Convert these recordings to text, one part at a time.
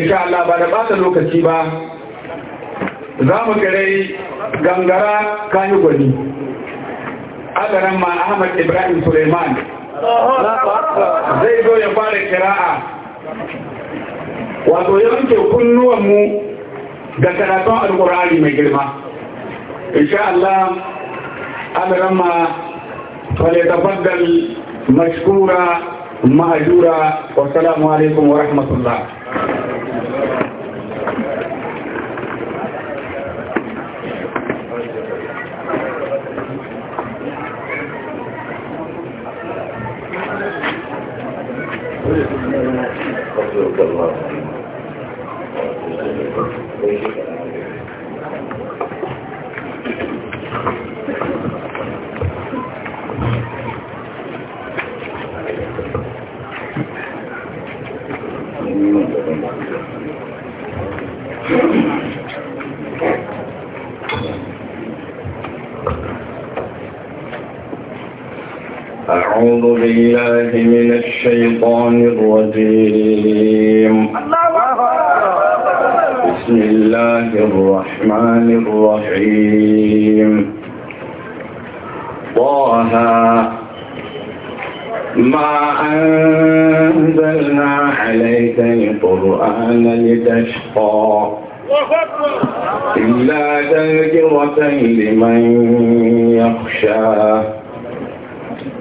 insha Allah ba da bata lokaci ba za mu gare gangara kayi gwani agaran ma Ahmad Ibrahim Suleiman zai zo ya fara kira'a wato yanke kunnuwanmu da karatun alkurari mai girma insha Allah agaran ma falitafaddal mashkura mahajura. wasu alaikum wa rahmatullah يرحمك الله أعوذ بالله من الشيطان الرجيم بسم الله الرحمن الرحيم طه ما أنزلنا عليك القرآن لتشقى إلا تذكرة لمن يخشى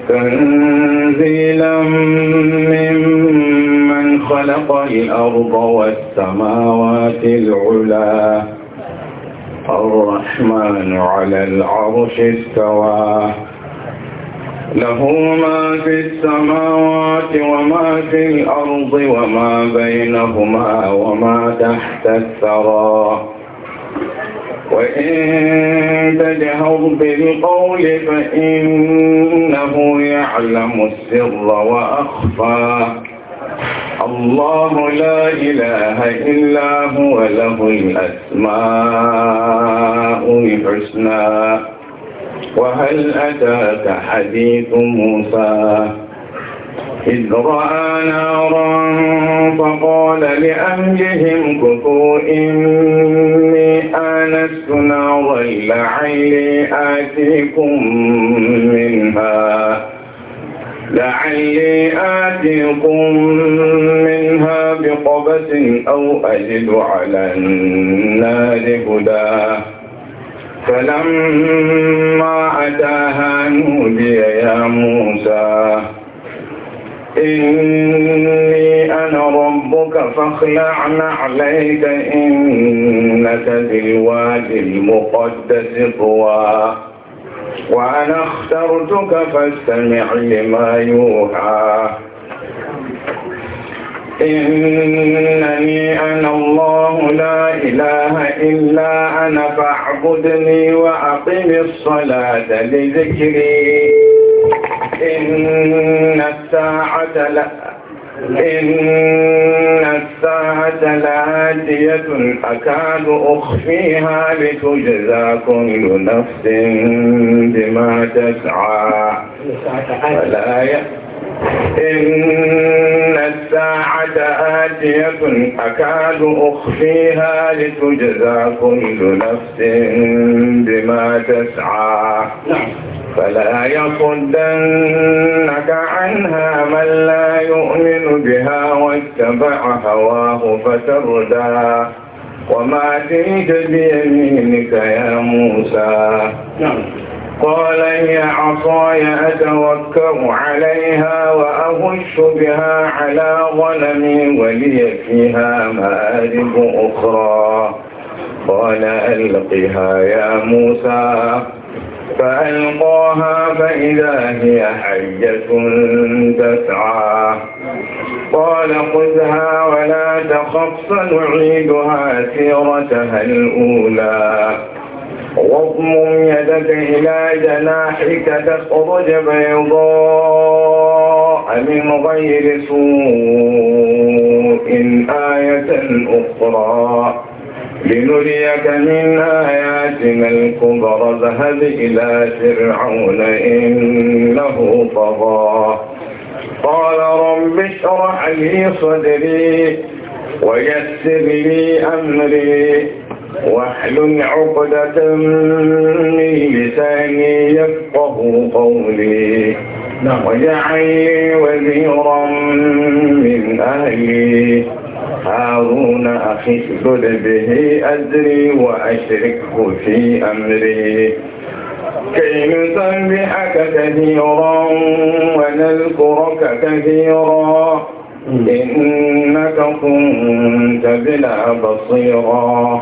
تنزيلا ممن خلق الأرض والسماوات العلا الرحمن على العرش استوى له ما في السماوات وما في الأرض وما بينهما وما تحت الثرى وإن تجهر بالقول فإنه يعلم السر وأخفى الله لا إله إلا هو له الأسماء الحسنى وهل أتاك حديث موسى إذ رأى نارا فقال لأهلهم كفوا إن آنست نارا لعلي آتيكم منها لعلي آتيكم منها بقبس أو أجد على النار هدى فلما أتاها نودي يا موسى إني أنا ربك فاخلع عليك إنك بالواد المقدس طوى وأنا اخترتك فاستمع لما يوحى إنني أنا الله لا إله إلا أنا فاعبدني وأقم الصلاة لذكري إن الساعة لا إن الساعة لآتية أكاد أخفيها لتجزى كل نفس بما تسعى فلا يأتي إن الساعة آتية أكاد أخفيها لتجزى كل نفس بما تسعى نعم. فلا يصدنك عنها من لا يؤمن بها واتبع هواه فتردى وما تلك بيمينك يا موسى نعم. قال هي عصاي أتوكأ عليها وأهش بها على غنمي ولي فيها مآرب أخرى قال ألقها يا موسى فألقاها فإذا هي حية تسعى قال خذها ولا تخف سنعيدها سيرتها الأولى واضمم يدك إلى جناحك تخرج بيضاء من غير سوء آية أخرى لنريك من آياتنا الكبرى اذهب إلى فرعون إنه طغى قال رب اشرح لي صدري ويسر لي أمري واحلل عقدة من لساني يفقه قولي نعم. واجعل لي وزيرا من أهلي هارون أخي اشدد به أزري وأشركه في أمري كي نسبحك كثيرا ونذكرك كثيرا إنك كنت بنا بصيرا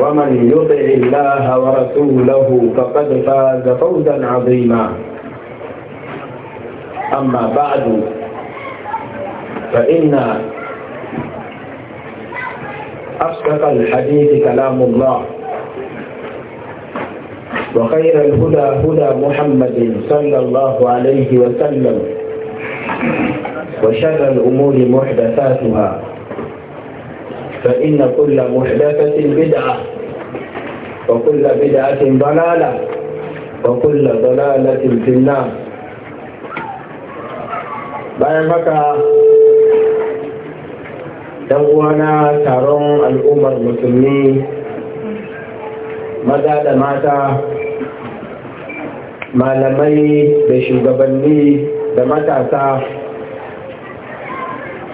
ومن يطع الله ورسوله فقد فاز فوزا عظيما أما بعد فإن أصدق الحديث كلام الله وخير الهدى هدى محمد صلى الله عليه وسلم وشر الأمور محدثاتها فإن كل محدثة بدعة وكل بدعة ضلالة وكل ضلالة في النار بارك دوانا ترون الأمة المسلمين ماذا دمعت ما لمي بشغبني دمعت أساف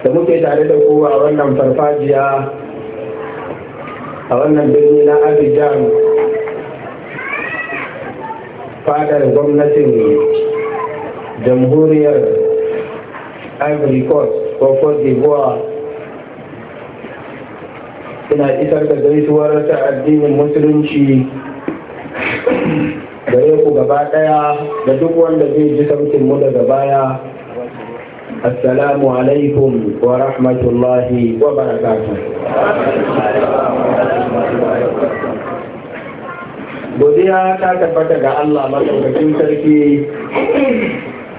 da muke tare da kowa a wannan farfajiya a wannan birni na abidjan fadar gwamnatin jamhuriyar ivory coast ko cote d'ivoire ina isar da gaisuwar ta addinin musulunci gare ku gaba daya da duk wanda zai ji sautin mu daga baya السلام عليكم ورحمة الله وبركاته godiya ta tabbata ga Allah madaukakin sarki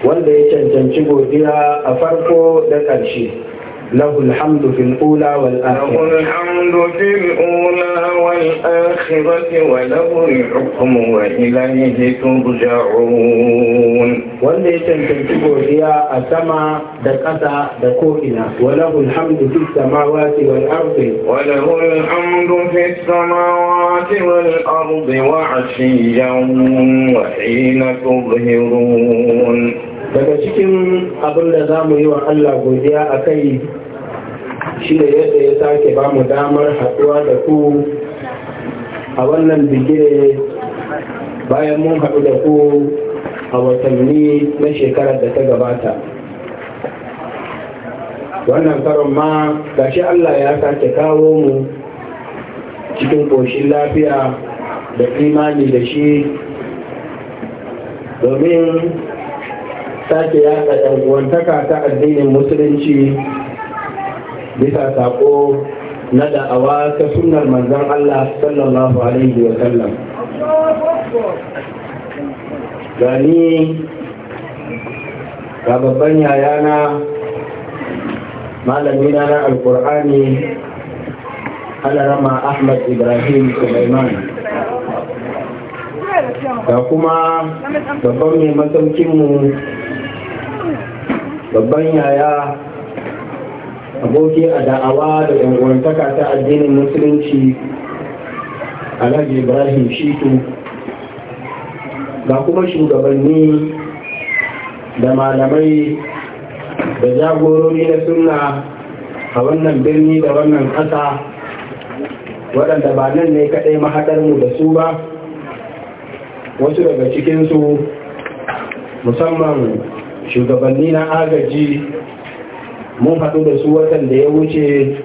wanda ya cancanci godiya a farko da ƙarshe له الحمد في الأولى والآخرة له الحمد في الأولى والآخرة وله الحكم وإليه ترجعون وليتن تنتبه هي السماء دكتا دكوئنا وله الحمد في السماوات والأرض وله الحمد في السماوات والأرض وعشيا وحين تظهرون daga cikin abin da za mu yi wa Allah godiya a kai shi da yadda ya sake ba mu damar haɗuwa da ku a wannan bigire bayan mun haɗu da ku a watanni na shekarar da ta gabata wannan karon ma gashi Allah ya sake kawo mu cikin ƙoshin lafiya da imani da shi domin sake yada ɗan'uwantaka ta addinin musulunci bisa saƙo na da'awa ta sunnar manzon Allah sallallahu alaihi wa sallam gani ga babban yayana malami na na alkur'ani alarama ahmad ibrahim sulaiman ga kuma babban mai matsaukinmu babban yaya aboki a da'awa da yankuwantaka ta addinin musulunci alhaji ibrahim shitu ga kuma shugabanni da malamai da jagorori na suna a wannan birni da wannan ƙasa waɗanda ba nan ne kaɗai mahaɗarmu da su ba wasu daga cikinsu musamman shugabanni na agaji mun haɗu da su watan da ya wuce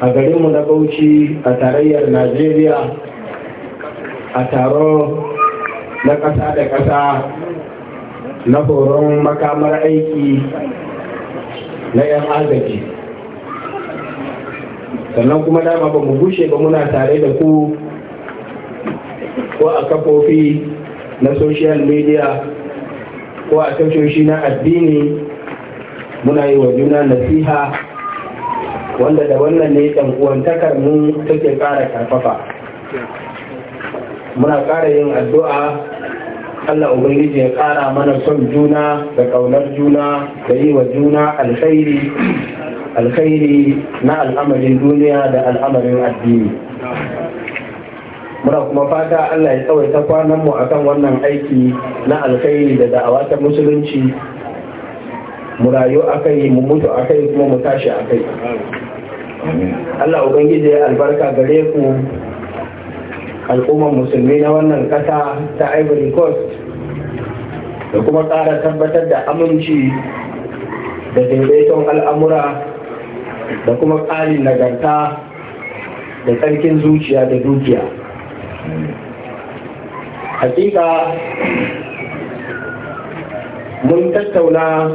a garinmu na bauchi a tarayyar najeriya a taro na ƙasa da ƙasa na horon makamar aiki na 'yan agaji sannan kuma dama ba mu gushe ba muna tare da ku ko a kafofi na social media Kowa a tashoshi na addini muna yi wa juna nasiha wanda da wannan ne ɗan uwantakarmu mu take ƙara karfafa muna ƙara yin addu'a Allah Ubangiji ya ƙara mana son juna da ƙaunar juna da yi wa juna alkhairi alkhairi na al'amarin duniya da al'amarin addini muna kuma fata Allah ya ta kwanan mu akan wannan aiki na alkhairi da da'awa musulunci mu rayu akai mu mutu akai kuma mu tashi akai Allah ubangiji ya albarka gare ku al'ummar musulmi na wannan kasa ta Ivory Coast da kuma ƙara tabbatar da aminci da daidaiton al'amura da kuma ƙarin nagarta da tsarkin zuciya da dukiya. hakika mun tattauna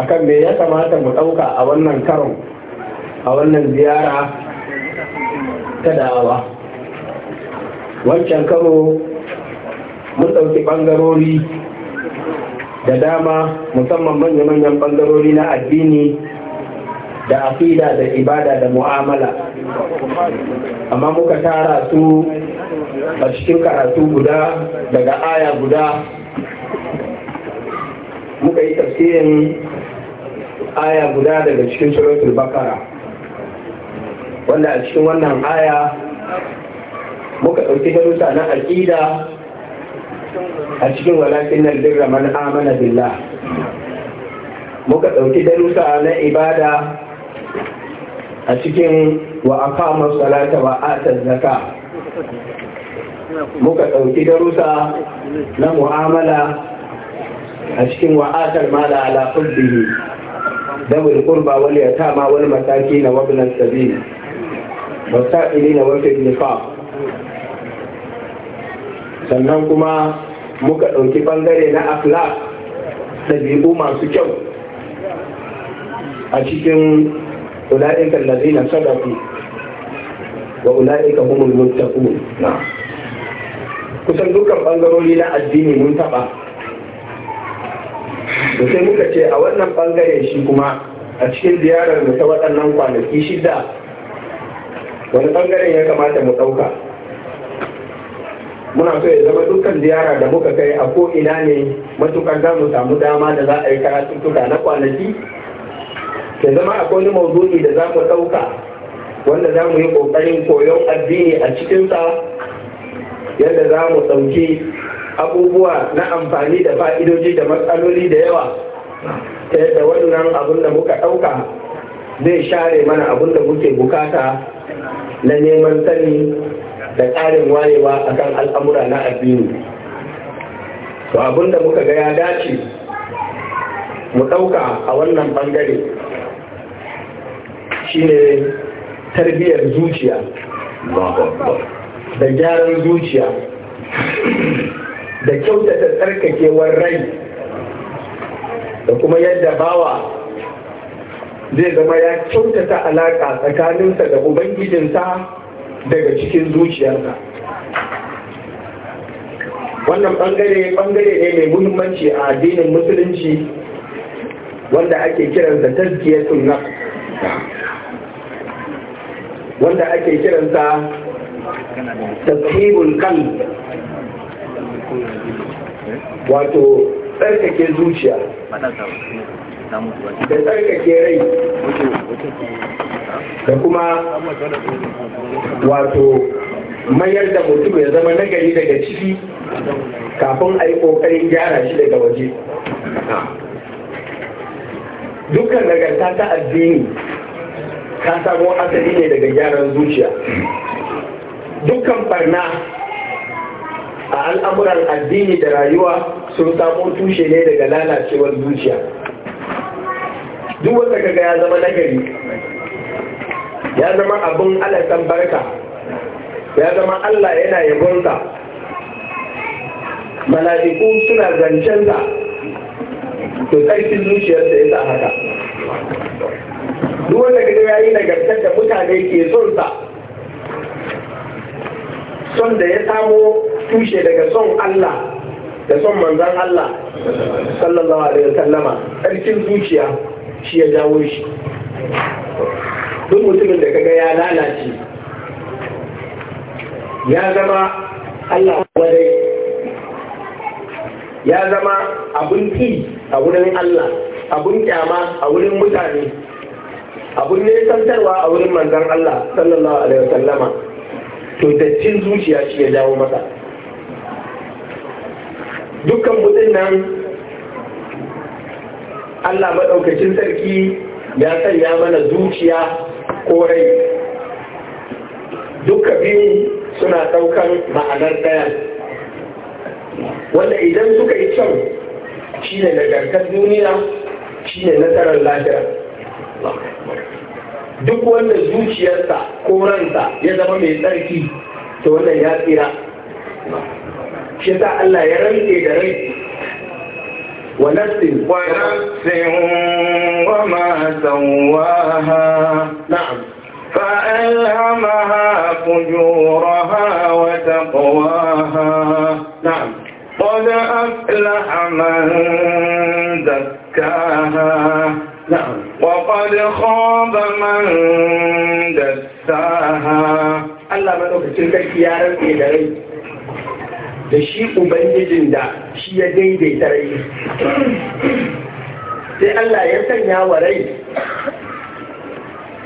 akan me ya kamata mu ɗauka a wannan karon a wannan ziyara ta da'awa wancan karo mun ɗauki ɓangarori da dama musamman manya-manyan ɓangarori na addini da afida da ibada da mu'amala amma muka tara su a cikin karatu guda daga aya guda muka yi tafsirin aya guda daga cikin suratul bakara wanda a cikin wannan aya muka ɗauki darussa na aƙida a cikin walakin nan dirra man amana billah muka ɗauki darussa na ibada a cikin wa aqama salata wa ata zakka muka ɗauki darussa na mu'amala a cikin wa'atar mala ala kulbihi dabul kurba wal yatama wal masakin wa ibn sabil wasa'ilina na fi nifaq sannan kuma muka ɗauki ɓangare na akhlaq biyu masu kyau a cikin ula'ikan lalina sadafi wa ula'ika humul mutakun na kusan dukkan bangarori na addini mun taba da sai muka ce a wannan bangare shi kuma a cikin ziyarar mu ta waɗannan kwanaki shida wani bangaren ya kamata mu ɗauka muna so ya zama dukkan ziyara da muka kai a ko ina ne matukar za mu samu dama da za a yi karatuttuka na kwanaki ke zama akwai wani maudu'i da za mu ɗauka wanda za mu yi ƙoƙarin koyon addini a cikinsa yadda za mu ɗauki abubuwa na amfani da fa'idoji da matsaloli da yawa ta yadda wannan abin da muka ɗauka zai share mana abin da muke bukata na neman sani da ƙarin wayewa akan al'amura na addini to abin da muka ga ya dace mu ɗauka a wannan ɓangare shine tarbiyyar zuciya da gyaran zuciya da kyautata tsarkakewar rai da kuma yadda bawa zai zama ya kyautata alaƙa tsakaninsa da ubangijinsa daga cikin zuciyarsa wannan bangare bangare ne mai muhimmanci a addinin musulunci wanda ake kiransa tazkiyatun nafs wanda ake kiransa tafhimul kan wato tsarkake zuciya da tsarkake rai da kuma wato mayar da mutum ya zama nagari daga ciki kafin a yi ƙoƙarin gyara shi daga waje dukkan nagarta ta addini ta samo asali ne daga gyaran zuciya dukkan barna a al'amuran addini da rayuwa sun samo tushe ne daga lalacewar zuciya duk wanda kaga ya zama nagari ya zama abin alasan barka ya zama allah yana yabonsa mala'iku suna zancen zancensa to tsarkin zuciyarsa ya sa haka duk wanda kaga ya yi nagartar da mutane ke son son da ya samo tushe daga son Allah da son manzan Allah sallallahu alaihi wasallama ƙarfin zuciya shi ya jawo shi duk mutumin da kaga ya lalace ya zama Allah wadai ya zama abun ki a wurin Allah abun kyama a wurin mutane abun nesantarwa a wurin manzan Allah sallallahu alaihi wasallama to dattin zuciya shi ya jawo masa dukkan mutum nan allah maɗaukacin sarki ya sanya mana zuciya ko rai duka biyu suna ɗaukar ma'anar ɗaya wanda idan suka yi kyau shi ne nagartar duniya shi ne nasarar lafiya duk wanda zuciyarsa ko ransa ya zama mai tsarki to wannan ya tsira shi ta Allah ya rantse da rai wa nafsin wa nafsin wa ma sawaha na'am fa alhamaha fujuraha wa taqwaha na'am قد أفلح من زكاها نعم وقد خاب من دساها الله ما lokacin kai ya rantse da rai da shi ubangijin da shi ya daidaita rai sai Allah ya sanya wa rai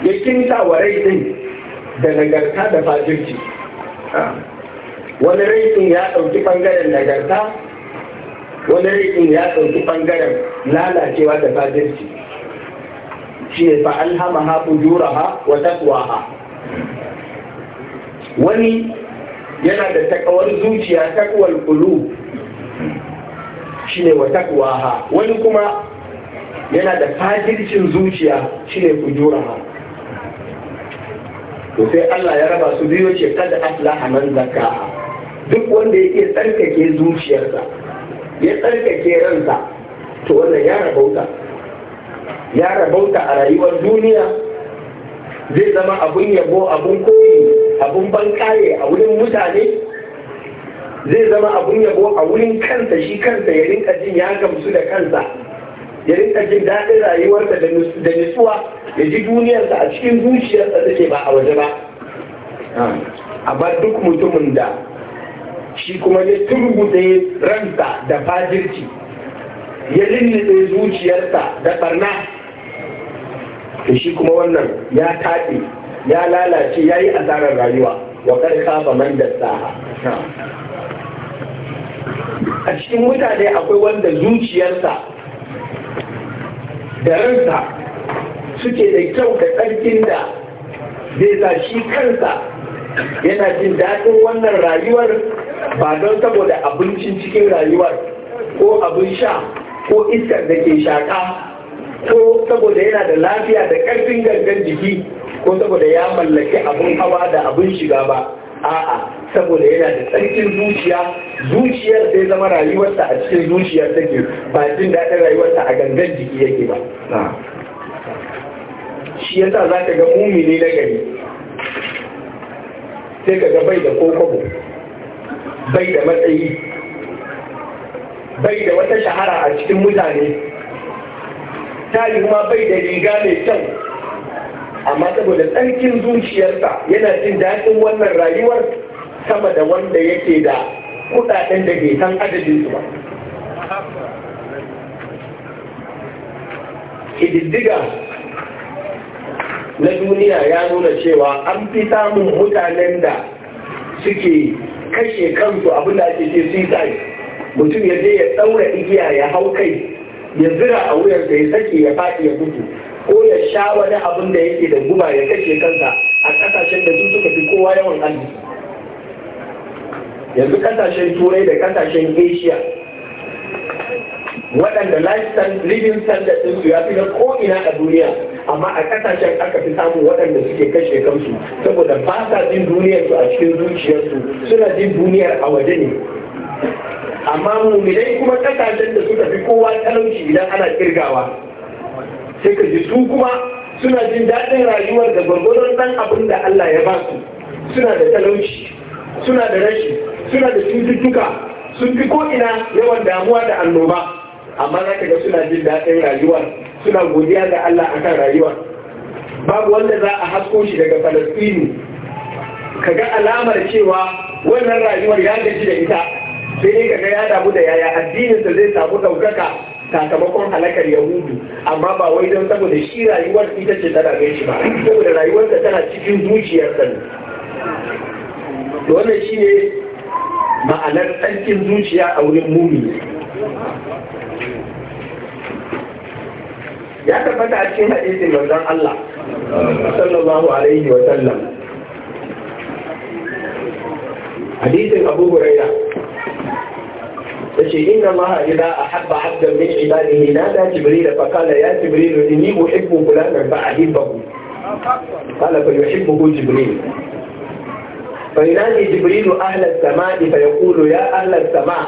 ya kinta wa rai din da nagarta da fajirci wani rai din ya ɗauki ɓangaren nagarta wani rai din ya ɗauki ɓangaren lalacewa da fajirci shi ne fa alhamaha ha wa ha wani yana da takawar zuciya takwal shi ne wa ha wani kuma yana da fajircin zuciya shine ha to sai Allah ya raba su biyu ce kada aslaha man zakka duk wanda yake tsarkake zuciyarsa ya tsarkake ransa to wannan ya rabauta ya rabauta a rayuwar duniya zai zama abun yabo abun koyi abun bankaye a wurin mutane zai zama abun yabo a wurin kansa shi kansa ya rinka jin ya gamsu da kansa ya rinka jin daɗin rayuwarsa da nutsuwa ya ji duniyarsa a cikin zuciyarsa take ba a waje ba amma duk mutumin da shi kuma ya turbuta ransa da fajirci ya lullube zuciyarsa da ɓarna da shi kuma wannan ya taɗe ya lalace ya yi asarar rayuwa wa karka ba man da a cikin mutane akwai wanda zuciyarsa da ransa suke da kyau da ƙarfin da zai sa shi kansa yana jin daɗin wannan rayuwar ba don saboda abincin cikin rayuwar ko abin sha ko iskar da ke shaƙa ko saboda yana da lafiya da ƙarfin gangan jiki ko saboda ya mallaki abin hawa da abin shiga ba a'a saboda yana da tsarkin zuciya zuciyar sai zama rayuwarsa a cikin zuciyar take ba jin daɗin rayuwarsa a gangan jiki yake ba shi yasa za ka ga mumini na gari sai ka ga bai da kokobo bai da matsayi bai da wata shahara a cikin mutane Tari, kuma bai da riga mai kyau amma saboda tsarkin zuciyarsa yana jin daɗin wannan rayuwar sama da wanda yake da kuɗaɗen da bai san adadin su ba ƙididdiga na duniya ya nuna cewa an fi samun mutanen da suke kashe kansu abinda ake ce suicide mutum ya je ya tsaura igiya ya hau kai ya zira a da ya sake ya faɗi ya mutu ko ya sha wani abin da yake da guba ya kashe kansa a ƙasashen da su suka fi kowa yawan hannu yanzu ƙasashen turai da ƙasashen asia waɗanda lifestyle living standard ɗinsu ya fi na ko'ina a duniya amma a ƙasashen aka fi samun waɗanda suke kashe kansu saboda ba sa jin duniyarsu a cikin zuciyarsu suna jin duniyar a waje ne amma muminai kuma kasashen da suka fi kowa talauci idan ana kirgawa sai ka ji su kuma suna jin daɗin rayuwar da gwargwadon ɗan abin da Allah ya ba su suna da talauci suna da rashi suna da cututtuka sun fi ko'ina yawan damuwa da annoba amma za ka ga suna jin daɗin rayuwa suna godiya ga Allah a kan rayuwa babu wanda za a hasko shi daga falastini ka ga alamar cewa wannan rayuwar ya gaji da ita sai dai kaga ya damu da yaya addininsa zai samu ɗaukaka sakamakon halakar yahudu amma ba wai don saboda shi rayuwar ita ce tana gai shi ba saboda rayuwarsa tana cikin zuciyarsa ne wannan shi ne ma'anar tsarkin zuciya a wurin mumi ya tabbata a cikin hadisin manzon Allah sallallahu alaihi wa sallam hadisin Abu Hurairah تشي إن الله إذا أحب عبدا من عباده نادى جبريل فقال يا جبريل إني أحب فلانا فأحبه قال فيحبه جبريل فينادي جبريل أهل السماء فيقول يا أهل السماء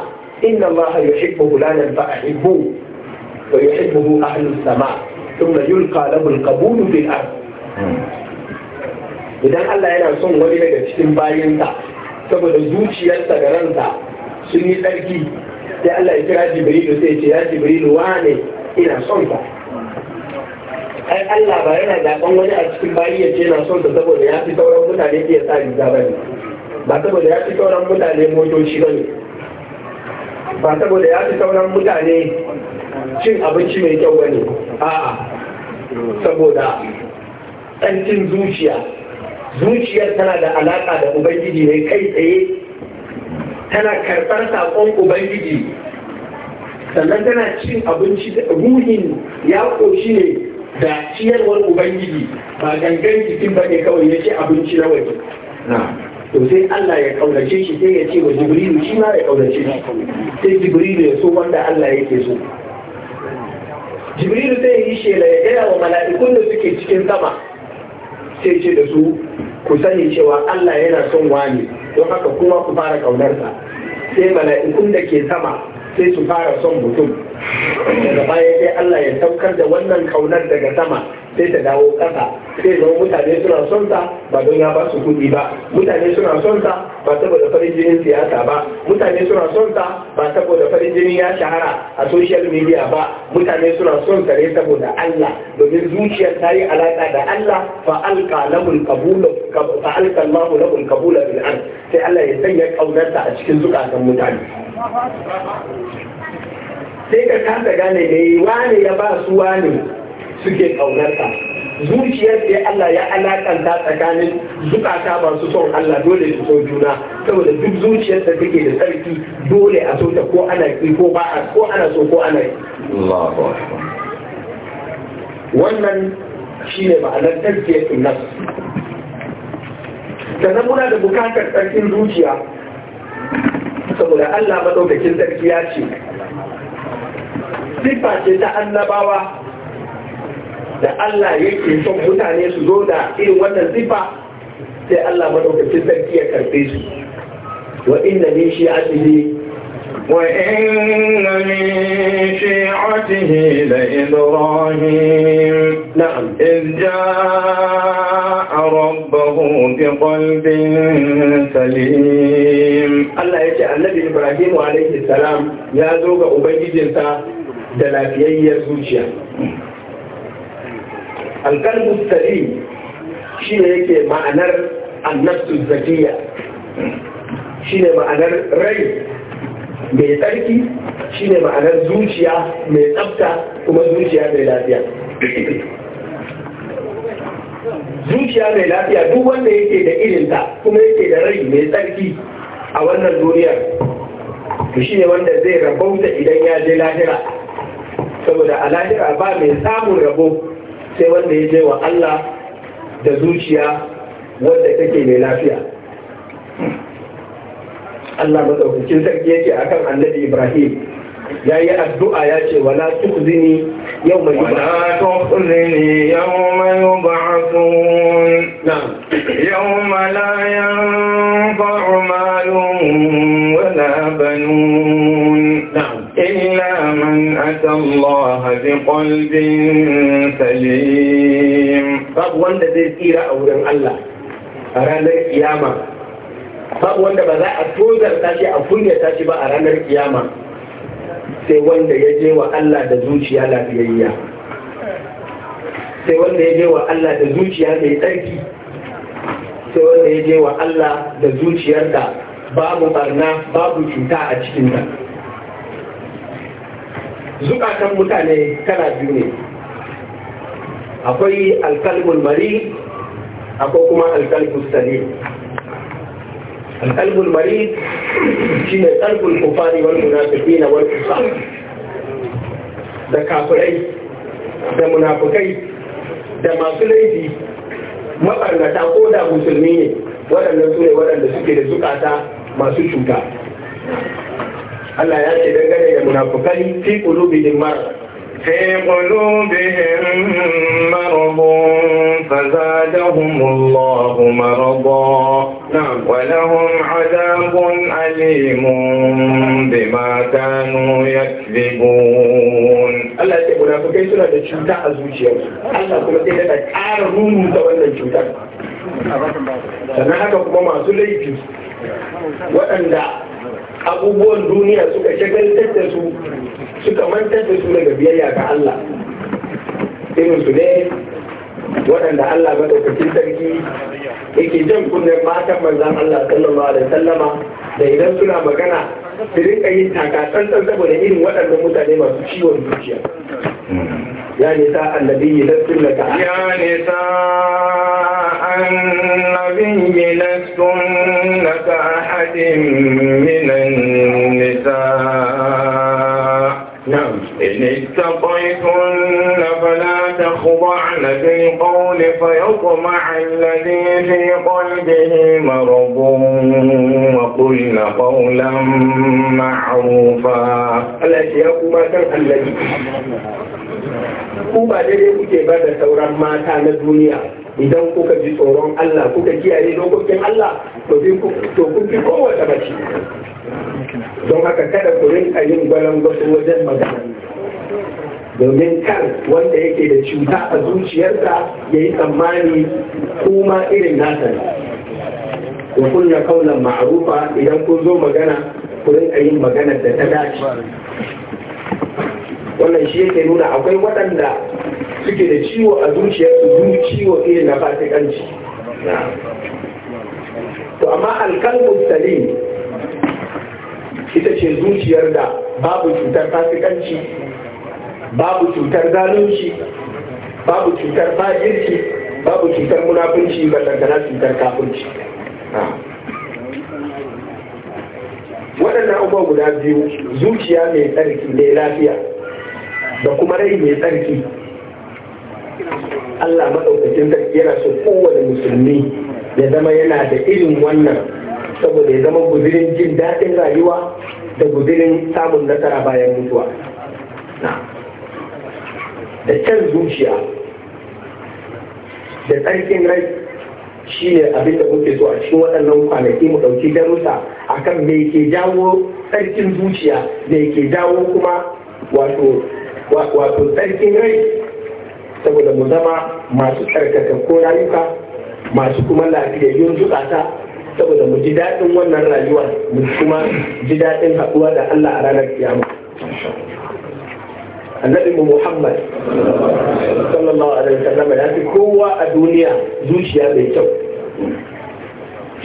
إن الله يحب فلانا فأحبه فيحبه أهل السماء ثم يلقى له القبول في الأرض إذا الله yana son wani daga cikin bayinsa saboda zuciyarsa da ransa sai Allah ya kira Jibrilu sai ce ya Jibrilu wane ina son ta. ai Allah ba yana zaɓen wani a cikin bayi ya ce yana son ta saboda ya fi sauran mutane ke sa riga ba ne ba saboda ya fi sauran mutane motoci ba ne ba saboda ya fi sauran mutane cin abinci mai kyau ba ne a'a saboda ɗancin zuciya zuciyar tana da alaƙa da ubangiji ne kai tsaye tana karɓar saƙon ubangiji sannan tana cin abinci da ruhin ya ƙoshi ne da ciyarwar ubangiji ba gangan jikin ba ne kawai ya ce abinci na waje to sai Allah ya kaunace shi sai ya ce wa jibrilu shi ma ya kaunace shi sai jibrilu ya so wanda Allah yake so jibrilu zai yi shela ya gaya wa mala'ikun da suke cikin sama sai ce da su ku sani cewa Allah yana son wani don haka kuma ku fara kaunarsa sai mala'ikun da ke sama sai su fara son mutum daga baya sai Allah ya saukar da wannan kaunar daga sama sai ta dawo ƙasa sai zama mutane suna son ta ba don ya ba su kuɗi ba mutane suna son ta ba saboda farin jinin siyasa ba mutane suna son ta ba saboda farin jinin ya shahara a social media ba mutane suna son ta ne saboda Allah domin zuciyar ta yi alaƙa da Allah fa alqa lahu qabula fa alqa Allahu qabula bil sai Allah ya sanya kaunarta a cikin zukatan mutane sai ka kanta gane da yi wane ya ba su wane suke ƙaunarsa zuciyar da Allah ya alakanta tsakanin zukata su son Allah dole su so juna saboda duk zuciyar da take da tsarki dole a so ta ko ana ki ko ba a ko ana so ko ana yi wannan shine ma'anar tazkiyatun nafs sannan muna da bukatar tsarkin zuciya saboda Allah maɗaukakin sarki ya ce sifa ce ta annabawa da Allah yake son mutane su zo da irin wannan sifa, sai Allah maɗaukakin sarki ya karɓe su wa shi min shi'atihi وإن من شيعته لإبراهيم نعم إذ جاء ربه بقلب سليم الله يجعل النبي إبراهيم عليه السلام يا زوج أبيجنسا دلافيي سوشيا القلب السليم شيء يكي معنى النفس الزكية شيء معنى الرئيس mai tsarki shine ma'anar zuciya mai tsafta kuma zuciya mai lafiya zuciya mai lafiya duk wanda yake da irinta kuma yake da rai mai tsarki a wannan duniyar to shi ne wanda zai rabauta idan ya je lahira saboda a lahira ba mai samun rabo sai wanda ya je wa Allah da zuciya wanda take mai lafiya Allah madaukakin sarki yake a kan annabi Ibrahim ya yi addu'a ya ce wala tukhzini yawma yi yawma yub'athun yawma la yanfa'u malun wala banun illa man ata Allah bi qalbin salim babu wanda zai tsira a wurin Allah a ranar kiyama babu wanda ba za a tozar shi a kunyata shi ba a ranar kiyama sai wanda ya je wa Allah da zuciya lafiyayya sai wanda ya je wa Allah da zuciya mai tsarki sai wanda ya je wa Allah da zuciyar da babu barna babu cuta a cikin ta zukatan mutane kana biyu ne akwai alkalmul mari akwai kuma alkalmul salim القلب المريض شنو قلب الكفار والمنافقين والكفار da kafirai da munafukai da masu laifi mabarnata ko da musulmi ne waɗanda su waɗanda suke da zukata masu cuta Allah ya ce dangane da munafukai fi qulubihim mara. في قلوبهم مرض فزادهم الله مرضا ولهم عذاب أليم بما كانوا يكذبون ya ce munafukai a zuciyarsu Allah kuma sai da ƙara rumu da wannan cutar sannan haka kuma masu laifi waɗanda abubuwan duniya suka shagaltar da su suka mantar da su daga biyayya ga Allah irin su ne waɗanda Allah madaukakin sarki yake jan kunnen matan manzan Allah sallallahu alaihi sallama da idan suna magana su rinka yin taka tsantsan saboda irin waɗanda mutane masu ciwon zuciya يا نساء النبي لستن لك يا نساء النبي لستن كأحد من النساء نعم إن اتقيتن فلا تخضعن بالقول فيطمع الذي في قلبه مرض وقلن قولا معروفا الأشياء ما الذي ku ba daidai kuke ba da sauran mata na duniya idan kuka ji tsoron Allah kuka kiyaye dokokin Allah to kun fi kowace mace don haka kada ku rinka yin gwasu wajen magana domin kan wanda yake da cuta a zuciyarsa ya yi tsammani kuma irin nasa ne ku kunya kaunan ma'arufa idan kun zo magana ku rinka yin magana da ta dace wannan shi yake nuna akwai waɗanda suke da ciwo a zuciyarsu zuwa ciwo irin na fasikanci to amma alkalbun salim ita ce zuciyar da babu cutar fasikanci babu cutar zalunci babu cutar fajirci babu cutar munafunci ba dangana cutar kafunci waɗannan abubuwa guda biyu zuciya mai tsarki mai lafiya da kuma rai mai tsarki Allah maɗaukacin tsarki yana so kowane musulmi ya zama yana da irin wannan saboda ya zama guzirin jin daɗin rayuwa da guzirin samun nasara bayan mutuwa da can zuciya da tsarkin rai shi ne abin da muke so a cikin waɗannan kwanaki mu ɗauki darussa akan me ke jawo tsarkin zuciya me ke jawo kuma wato wato tsarkin rai saboda mu zama masu tsarkaka ko rayuka masu kuma yin zukata saboda mu ji daɗin wannan rayuwar mu kuma ji daɗin haɗuwa da Allah a ranar kiyama annabi Muhammad sallallahu alaihi wasallam ya fi kowa a duniya zuciya mai kyau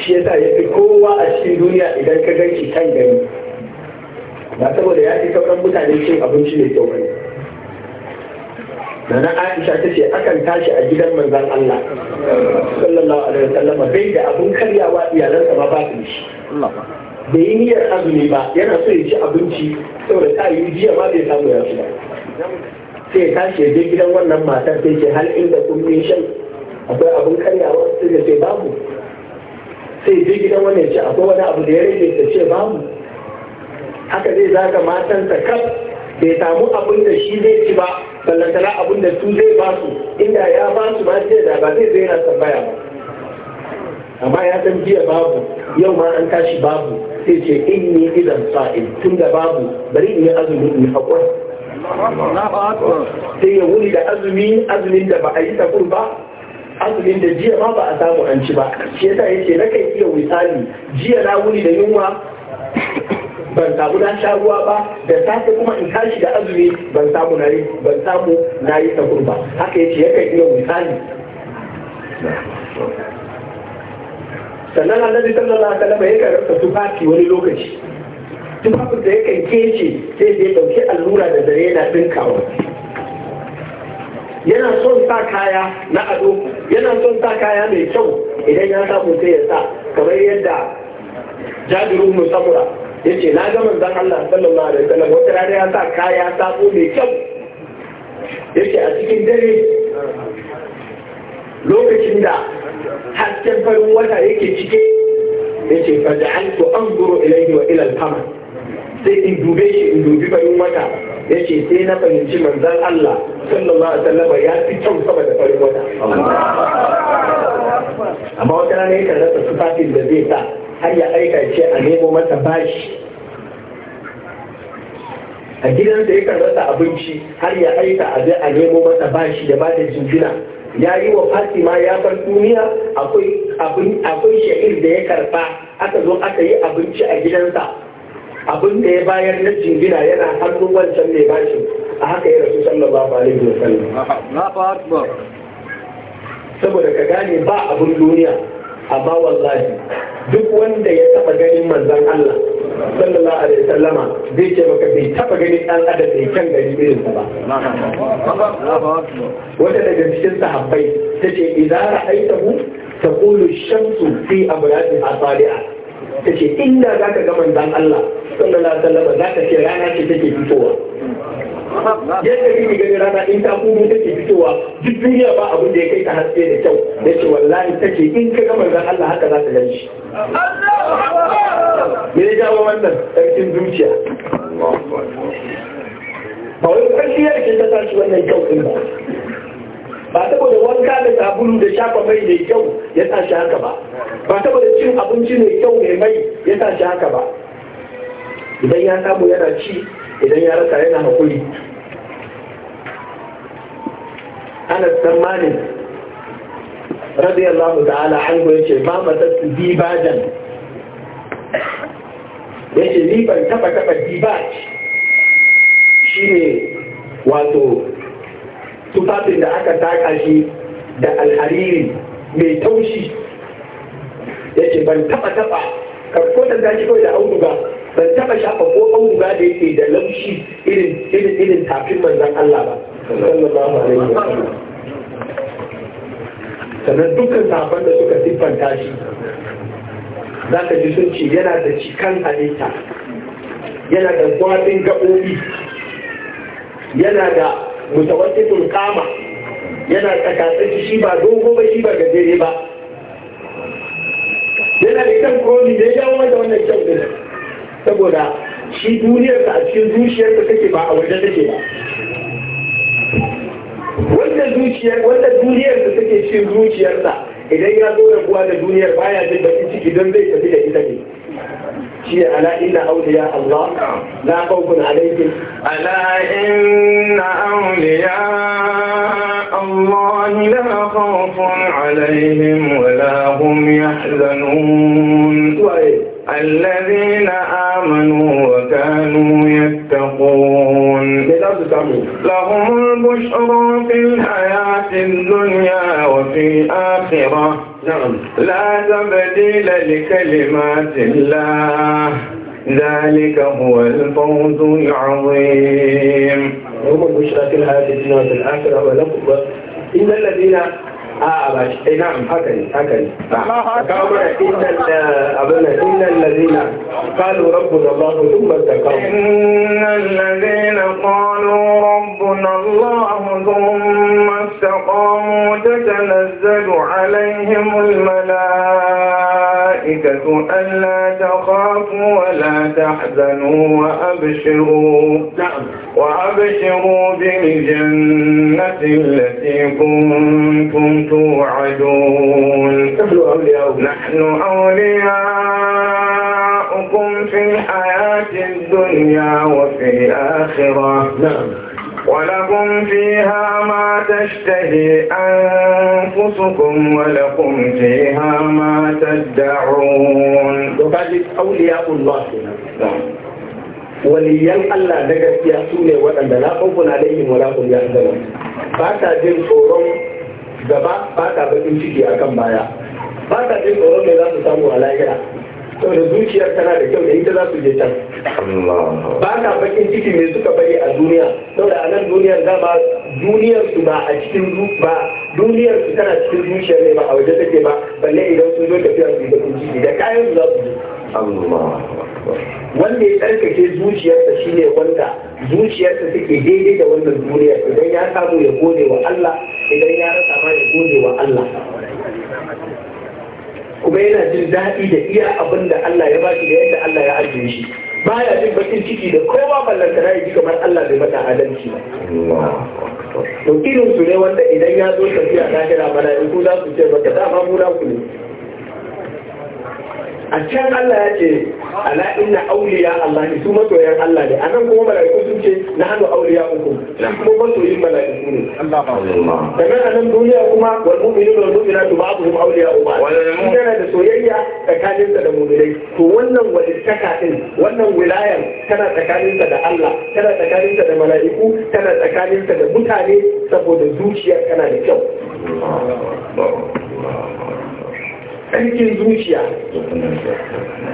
shi yasa ya fi kowa a cikin duniya idan ka ganci kan gani ba saboda ya fi sauran mutane cin abinci mai kyau ba. Nana Aisha ta ce akan tashi a gidan manzan Allah sallallahu alaihi wa sallama. bai da abun karyawa iyalansa ma ba su shi. Da yi niyyar azumi ba yana so ya ci abinci saboda ta yi jiya ma bai samu ya ba. Sai ya tashi ya je gidan wannan matar sai ce hal inda kun yi shan akwai abun karyawa sai ya ce babu. Sai je gidan wannan ya ce akwai wani abu da ya rage ta ce babu. Haka zai zaka matansa kaf bai samu abin da shi zai ci ba ballantana abin da su zai ba su inda ya ba su ma da ba zai zai tambaya ba amma ya san jiya babu yau ma an tashi babu sai ce in ni idan sa'in tun da babu bari in yi azumi in haƙura sai ya wuri da azumi azumin da ba a yi takur ba azumin da jiya ma ba a samu an ci ba shi yasa yake na kai iya misali jiya na wuri da yunwa ban samu na sha ruwa ba da safe kuma in tashi da azumi ban samu na yi ban samu na yi sahur ba haka yace yakan iya misali sannan annabi sallallahu alaihi wasallam yakan rasa tufafi wani lokaci tufafin da yakan kece sai da dauke allura da dare yana dinkawa yana son sa kaya na ado yana son sa kaya mai kyau idan ya samu sai ya sa kamar yadda jabiru musamura yace na ga manzon Allah sallallahu alaihi wasallam wata rana ya sa kaya sabo mai kyau yace a cikin dare lokacin da hasken farin wata yake cike yace fa ja'altu anzuru ilayhi wa ila al-qamar sai in dube shi in dubi farin wata yace sai na fahimci manzon Allah sallallahu alaihi wasallam ya fi kyau sama da farin wata amma wata rana yake rasa tufafin da zai sa har ya aika ce a nemo masa bashi a gidansa yakan rasa abinci har ya aika a je a nemo masa bashi da ba da jinjina ya yi wa fatima ya bar duniya akwai sha'ir da ya karba aka zo aka yi abinci a gidansa abin da ya bayar na jingina yana hannun wancan mai bashin a haka ya rasu sallallahu alaihi wa sallam saboda ka gane ba abin duniya amma wallahi duk wanda ya taba ganin manzan Allah sallallahu alaihi wasallama zai ce maka bai taba ganin dan adam da kan gari irin ba wanda daga cikin sahabbai tace idza ra'aytahu taqulu shamsu fi abyadi asali'a tace inda zaka ga manzan Allah sallallahu alaihi wasallama zaka ce rana ce take fitowa yadda yi gani rana in ta kuma take fitowa duk duniya ba abin da ya kai ta haske da kyau ya ce wallahi take in ka gama zan Allah haka za ta gan shi me ya jawo wannan sarkin zuciya ba wani ƙarfi ya ce ta tashi wannan kyau ɗin ba ba saboda wanka da sabulu da shafa mai mai kyau ya tashi haka ba ba saboda cin abinci mai kyau mai mai ya tashi haka ba idan ya samu yana ci idan ya rasa yana hakuri, ana tsammanin radiyallahu ta'ala an ya ce ma bi dibajan ya ce ni ban taɓa taɓa ba shi ne wato tufafin da aka taka shi da alhariri mai taushi ya ce ban taɓa taɓa karko da gashi kawai da auduga ban taɓa shafa ko ɗan guga da yake da laushi irin irin irin tafin manzon Allah ba sallallahu alaihi sannan dukkan sabon da suka siffanta shi za ka ji sun ce yana da cikan halitta yana da gwaɗin gaɓoɓi yana da mutawassitun kama yana tsakatsaki shi ba dogo ba shi ba gajere ba yana da kyan komi da ya jawo da wannan kyau saboda shi duniyar da a cikin zuciyar da take ba a wajen take ba wanda zuciyar wanda duniyar da take cikin zuciyarsa idan ya zo da kuwa da duniyar baya jin bakin ciki don zai tafi da ita ne شيء ألا إن أولياء الله لا خوف عليهم ألا إن أولياء الله لا خوف عليهم ولا هم يحزنون الذين آمنوا وكانوا يتقون لهم البشرى في الحياة الدنيا وفي الآخرة لا تبديل لكلمات الله ذلك هو الفوز العظيم هم البشرى في الحياة الدنيا وفي الآخرة ولكم إن الذين a'a ba shi ina haka ne haka ne kawo mana innal abin nan innal ladina qalu rabbuna allah thumma istaqamu innal ladina qalu rabbuna allah thumma istaqamu tatanazzalu alaihim al malaikatu alla takhafu wa la tahzanu wa abshiru وأبشروا بالجنة التي كنتم توعدون نحن أولياؤكم في الحياة الدنيا وفي الآخرة نعم. ولكم فيها ما تشتهي أنفسكم ولكم فيها ما تدعون وبعد أولياء الله نعم وليان الله دقت يا سوني وأن لا خوف عليهم ولا هم يحزنون فاتا ba ta gaba ba ta bakin ciki a kan baya ba ta jin tsoron mai za su samu a lahira saboda zuciyar tana da kyau da ita za su je can ba ta bakin ciki mai suka bari a duniya saboda a nan duniyar ba duniyar su ba a cikin ba duniyar su tana cikin zuciyar ne ba a waje take ba balle idan sun zo tafiya su yi bakin ciki da kayan su za su je wanda ya tsarkake zuciyarsa shine wanda zuciyarsa take daidai da wannan duniya idan ya samu ya gode wa Allah idan ya rasa ma ya gode wa Allah kuma yana jin daɗi da iya abin da Allah ya bashi da yadda Allah ya ajiye shi baya jin bakin ciki da kowa ballantana ya ji kamar Allah bai mata adalci ba to irin su ne wanda idan ya zo tafiya lahira mala'iku za su ce maka dama mu ku ne a can Allah ya ce ala inna auliya Allah su masoyan Allah ne anan kuma mala'iku sun ce na hannu auliya uku nan kuma masoyin mala'iku ne sannan a nan duniya kuma wal mu'minu wal mu'minatu ba'dhum auliya uba yana da soyayya tsakanin da mu'minai to wannan walittaka din wannan wilayan tana tsakanin da Allah tana tsakanin da mala'iku tana tsakanin da mutane saboda zuciyar kana da kyau ƙarfin zuciya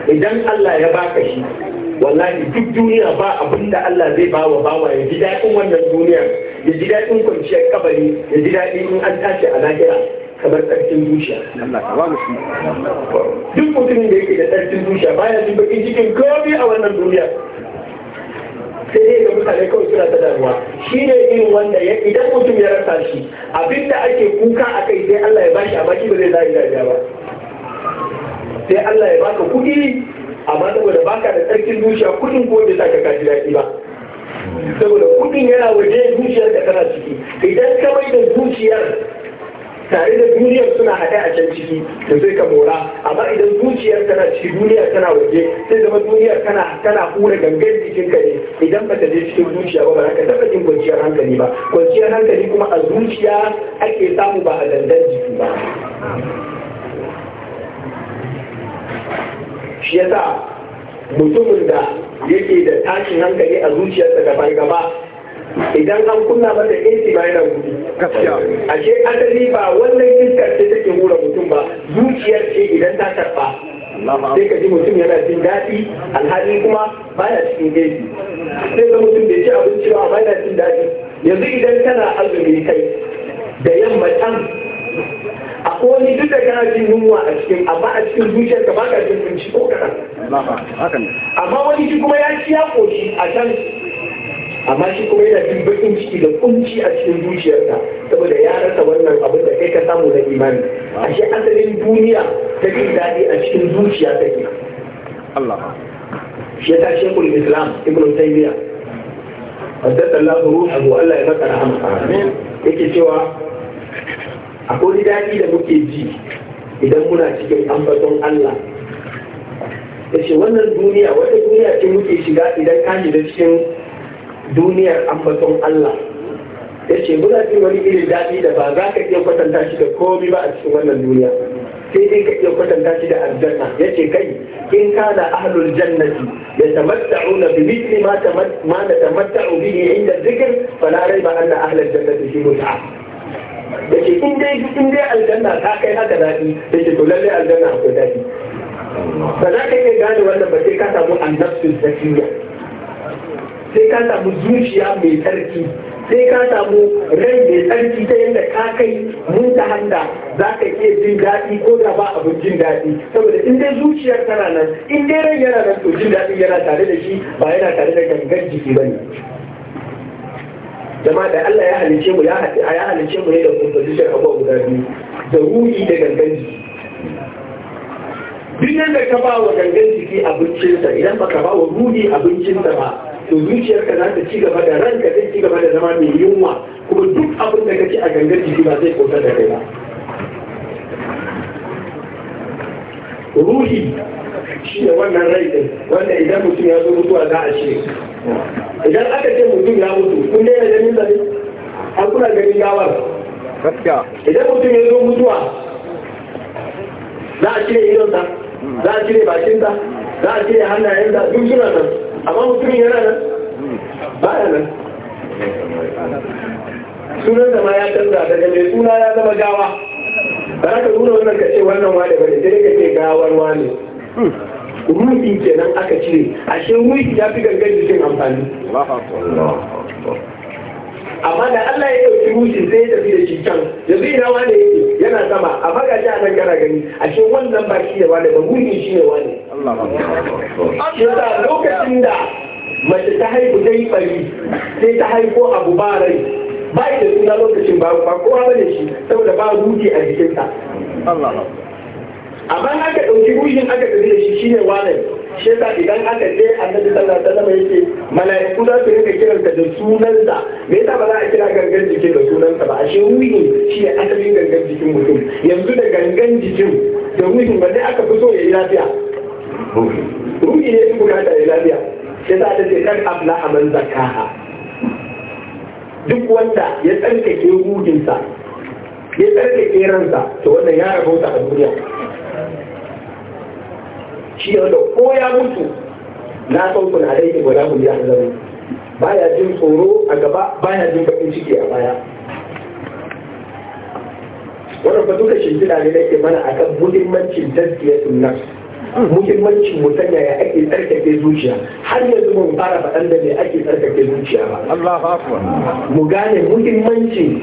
idan Allah ya baka shi wallahi duk duniya ba abin da Allah zai ba wa bawa ya ji daɗin wannan duniyar ya ji daɗin kwanciyar kabari ya ji daɗin in an tashi a lahira kamar ƙarfin zuciya duk mutumin da yake da ƙarfin zuciya baya jin bakin cikin komai a wannan duniyar sai dai ga mutane kawai suna ta damuwa shi ne irin wanda idan mutum ya rasa shi abinda ake kuka a kai sai Allah ya bashi a baki ba zai zai dariya ba sai Allah ya baka kuɗi amma saboda baka da tsarkin zuciya kuɗin ko bai saka kaji daɗi ba saboda kuɗin yana waje zuciyar da tana ciki idan ka mai da zuciyar tare da duniyar suna haɗe a can ciki to sai ka mora amma idan zuciyar tana ciki duniyar tana waje sai zama duniyar tana tana hura gangan jikin ka ne idan ba ta je cikin zuciya ba ba ka taɓa jin kwanciyar hankali ba kwanciyar hankali kuma a zuciya ake samu ba a dandan jiki ba shi yasa mutumin da yake da tashin hankali a zuciyarsa gaban gaba idan an kunna mata AC ba yana gudu ashe asali ba wannan iskar ce take hura mutum ba zuciyar ce idan ta karba sai ka ji mutum yana jin daɗi alhali kuma baya cikin gaji sai ka mutum bai ci abinci ba baya jin daɗi yanzu idan tana azumi kai da yamma can A wani duk da kana jin yunwa a cikin amma a cikin zuciyarka ba ka jin kunci ko kaɗan amma wani shi kuma ya ci ya koshi a can amma shi kuma yana jin bakin ciki da kunci a cikin zuciyarsa saboda ya rasa wannan abin da kai ka samu na imani a shi asalin duniya ta jin daɗi a cikin zuciya take Allah shi ta shekul islam ibn taymiya haddasa Allah ruhu Allah ya maka rahama amin yake cewa akwai daɗi da muke ji idan muna cikin ambaton Allah da ce wannan duniya wata duniya ce muke shiga idan ka shiga cikin duniyar ambaton Allah ya ce muna jin wani irin daɗi da ba za ka iya kwatanta shi da komi ba a cikin wannan duniya sai dai ka iya kwatanta shi da aljanna ya ce kai in da ahlul jannati ya tamatta'una bi mitri ma ma natamatta'u bihi inda dhikr fa la rayba anna ahlul jannati fi mut'a yake in dai in aljanna ta kai haka daɗi yake to lalle aljanna akwai daɗi ba za ka iya gane wannan ba sai ka samu annabtun sakiya sai ka samu zuciya mai tsarki sai ka samu rai mai tsarki ta yadda ka kai mun ta handa za ka iya jin daɗi ko da ba abin jin daɗi saboda in dai zuciyar tana nan in dai rai yana nan to jin daɗi yana tare da shi ba yana tare da gangar jiki ba ne jama'a da Allah ya halice mu ya halice mu ne da composition abuwa guda biyu da ruhi da gangan jiki duk yadda ka ba wa gangan jiki abincinsa idan baka ba wa ruhi abincinsa ba to zuciyarka za ta ci gaba da ranka zai ci gaba da zama mai yunwa kuma duk abin da ka ci a gangan jiki ba zai kautar da kai ba ruhi shi ne wannan rai din wanda idan mutum ya zo mutuwa za a ce idan aka ce mutum ya mutu kun daina ganin sa ne har kuna ganin gawar idan mutum ya zo mutuwa za a cire idon sa za a cire bakin sa za a cire hannayen sa duk suna nan amma mutumin yana nan ba ya nan sunan zama ya canza daga mai suna ya zama gawa ba za ka nuna wannan ka ce wannan wane bane sai ka ce gawar wane ruhi kenan aka cire ashe ruhi ya fi gangan jikin amfani amma da Allah ya ɗauki ruhi sai ya tafi da shi can yanzu ina wane yake yana sama amma ga a nan kana gani ashe wannan ba shi ne wane ba ruhi shi ne wane yasa lokacin da mace ta haihu ta yi bari sai ta haifo abu ba rai ba da suna lokacin ba kowa bane shi saboda ba ruhi a jikinsa amma aka ɗauki ruhin aka tafi da shi shine wane shi yasa idan aka je annabi sallallahu alaihi wasallam yake mala'iku za su rinka kiranka da sunansa me yasa ba za a kira gangan jikin da sunansa ba ashe ruhi shi ne asalin gangan jikin mutum yanzu da gangan jikin da ruhin ba aka fi so ya yi lafiya ruhi ne ya bukata ya yi lafiya sai za ta ce kan abla a man zakaha duk wanda ya tsarkake ruhinsa ya tsarkake ransa to wannan ya rabauta a duniya shi wanda ko ya mutu na san kuna aiki wala mu ya ba baya jin tsoro a gaba baya jin bakin ciki a baya wannan fa duka jina ne nake mana akan muhimmancin tazkiyatun nafs muhimmancin mu yaya ake tsarkake zuciya har yanzu mun fara faɗan da me ake tsarkake zuciya ba mu gane muhimmancin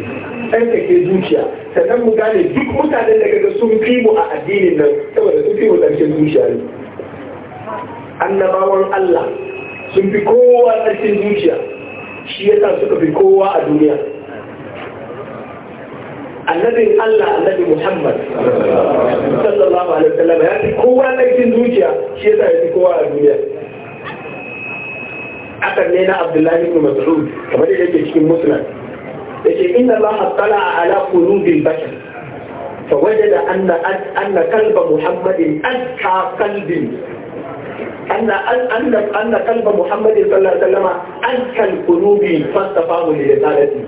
tsarkake zuciya sannan mu gane duk mutanen da kaga sun fi mu a addinin nan saboda sun fi mu tsarkin zuciya ne annabawan Allah sun fi kowa tsarkin zuciya shi yasa suka fi kowa a duniya annabin Allah annabi Muhammad sallallahu alaihi wasallam ya fi kowa ɗarkin zuciya shi yasa ya fi kowa a duniya akan ne na Abdullahi ibn Mas'ud kamar da yake cikin Muslim yake inna Allah tala ala qulubil bashar fa wajada anna anna qalba Muhammadin azka qalbin أن أن أن قلب محمد صلى الله عليه وسلم أزكى القلوب فاصطفاه لرسالته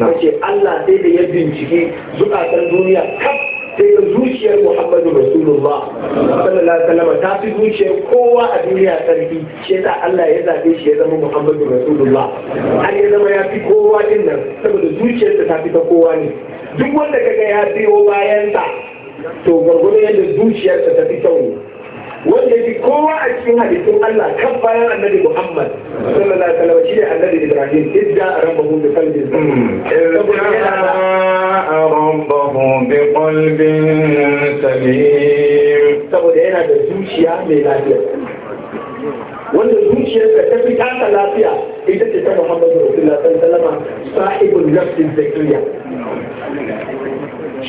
wace Allah sai da ya bincike zukatan duniya kaf sai da zuciyar Muhammadu Rasulullah sallallahu alaihi wasallam ta fi zuciyar kowa a duniya sarki shi yasa Allah ya zabe shi ya zama Muhammadu Rasulullah har ya zama ya fi kowa din nan saboda zuciyarsa ta fi ta kowa ne duk wanda kaga ya biyo bayan sa to gwargwado yadda zuciyarta ta fi kyau ne wanda ya fi kowa a cikin halittun Allah kan bayan annabi Muhammad sallallahu alaihi wasallam shi ne annabi Ibrahim idda rabbahu bi qalbin rabbahu bi qalbin salim saboda yana da zuciya mai lafiya wanda zuciyarka ta fi tasa lafiya ita ce ta Muhammadu Rasulullah sallallahu alaihi wasallam sahibul nafsi zakiyya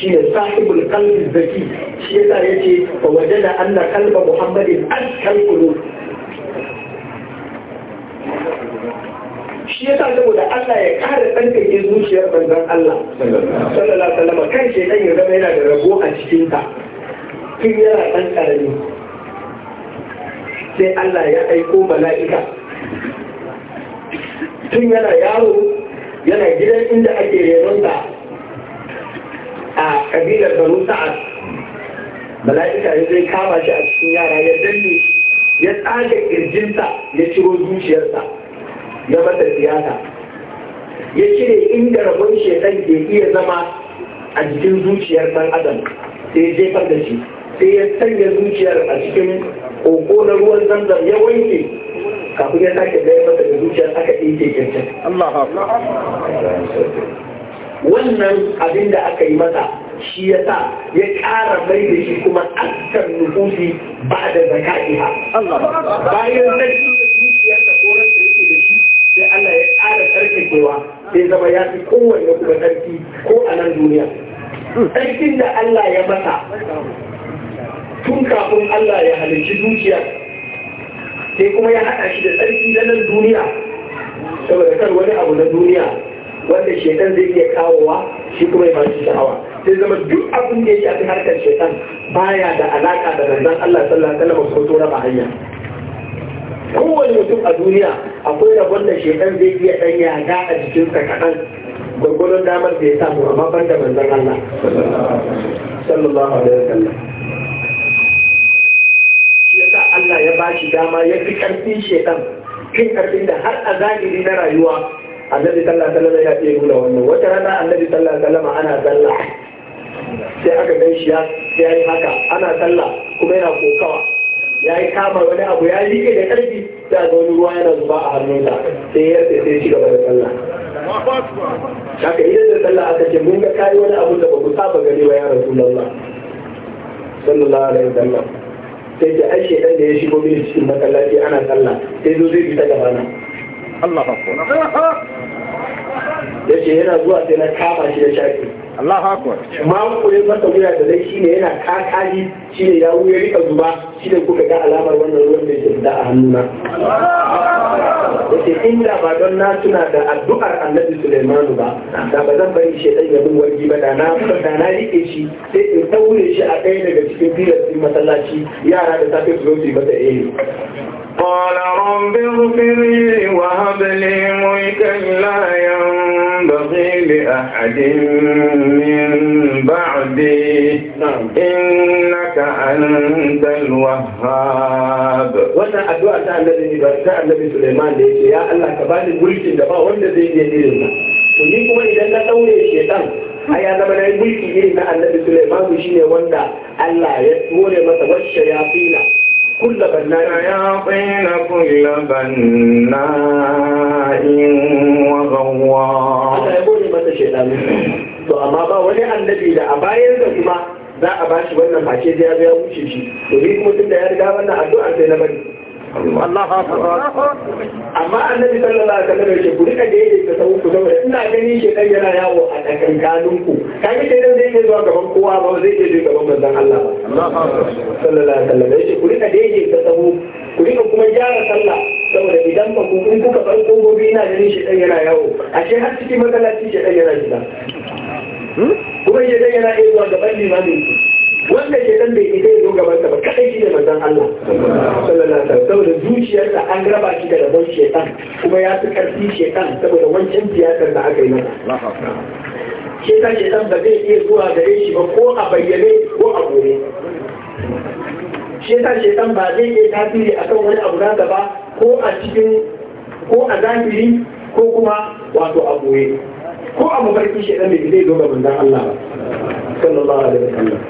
shi ne sahibul kalbin zaki shi yasa ya ce ba waje da an na kalba muhammadin an kalkulo shi yasa saboda Allah ya kare ke zuciyar manzon Allah sallallahu alaihi wasallam kan shi ya zama yana da rabo a cikin tun yana ɗan ƙarami. sai Allah ya aiko mala'ika tun yana yaro yana gidan inda ake renon a kabilar banu sa'ad mala'ika ya zai kama shi a cikin yara ya danne ya tsaga kirjinsa ya ciro zuciyarsa ya masa siyasa ya cire inda rabon shekan ke iya zama a jikin zuciyar ɗan adam sai ya jefar da shi sai ya sanya zuciyar a cikin koko na ruwan zamzam ya wanke kafin ya sake gaya masa da zuciyar aka ɗinke kirkin. wannan abin da aka yi masa shi ya sa ya ƙara mai da shi kuma askar nufusi ba da zaka'i ha bayan sarki da dukiyar da koran da yake da shi sai Allah ya ƙara tsarkakewa sai zama ya fi kowanne kuma sarki ko a nan duniya sarkin da Allah ya masa tun kafin Allah ya halarci dukiyar sai kuma ya haɗa shi da tsarki na nan duniya saboda kan wani abu na duniya wanda shekan zai iya kawowa shi kuma ya bashi sha'awa sai zama duk abin da ya shafi harkar shekan baya da alaka da manzon Allah sallallahu alaihi wasallam ko tura hanya kowane mutum a duniya akwai rabon da shekan zai iya dan yaga a jikinsa kaɗan gwargwadon damar da ya samu amma ban da manzon Allah sallallahu alaihi wasallam Allah ya bashi dama ya fi ƙarfin shekan fin ƙarfin da har a zagiri na rayuwa annabi sallallahu alaihi wasallam ya iya nuna wannan wata rana annabi sallallahu alaihi wasallam ana sallah sai aka gan shi ya yi haka ana sallah kuma yana kokawa ya yi kama wani abu ya liƙe da ƙarfi da ga wani ruwa yana zuba a hannunsa sai ya yarda sai ci gaba da sallah haka idan da sallah aka ce mun ga kayi wani abu da ba ku saba gani ba ya rasulullah sallallahu alaihi wasallam sai ce ai shedan da ya shigo mini cikin masallaci ana sallah sai zo zai bi ta gaba na Allah yace yana zuwa sai na kama shi da shafi Allah akbar ma masa wuya da zai shine yana kakali shine ya wuya rika zuba shine kuka ga alamar wannan ruwan da ke da a hannuna in inda ba don na tuna da addu'ar Annabi Sulaiman ba da ba zan bari dai ya bin wargi ba da na da na rike shi sai in ɗaure shi a ɗaya daga cikin filar masallaci yara da safe su zo su yi eh. قال رب اغفر لي وهب لي ملكا لا ينبغي لأحد من بعدي إنك أنت الوهاب wannan addu'a ta annabi ta annabi Sulaiman da yake ya Allah ka bani mulkin da wanda zai iya irin sa to ni kuma idan na daure shedan ai ya zama nayi mulki irin na annabi Sulaiman shine wanda Allah ya dore masa ya washayafina kulla بناء ya كل بناء وغواص هذا يقول متى to amma ba wani annabi da a bayan da kuma za a bashi wannan face da ya wuce shi domin kuma tunda da ya riga wannan addu'a sai na bari amma annabi sallallahu alaihi wasallam ce ku rika daidai ka sau ku saboda ina ganin shi dan yana yawo a tsakankanin ku kaga sai dan zai zuwa gaban kowa ba zai je gaban manzon Allah ba sallallahu alaihi wasallam ce ku rika daidai ka sau ku rika kuma gyara sallah saboda idan ba ku kun kuka bar gobe ina gani shi dan yana yawo ashe har cikin masallaci shi dan yana gida hmm? kuma shi dan yana iya zuwa gaban limamin ku wanda ke da bai kai zo gaban ta ba kadai shi ne manzon Allah sallallahu alaihi wasallam saboda zuciyarsa an raba shi da rabon shedan kuma ya fi karfi shetan saboda wancan tiyatar da aka yi masa shedan shedan ba zai iya zuwa gare shi ba ko a bayyane ko a gore shedan shedan ba zai iya tasiri akan wani abu nasa ba ko a cikin ko a zahiri ko kuma wato a gore ko a mafarki shedan da zai zo ga manzon Allah ba sallallahu alaihi wasallam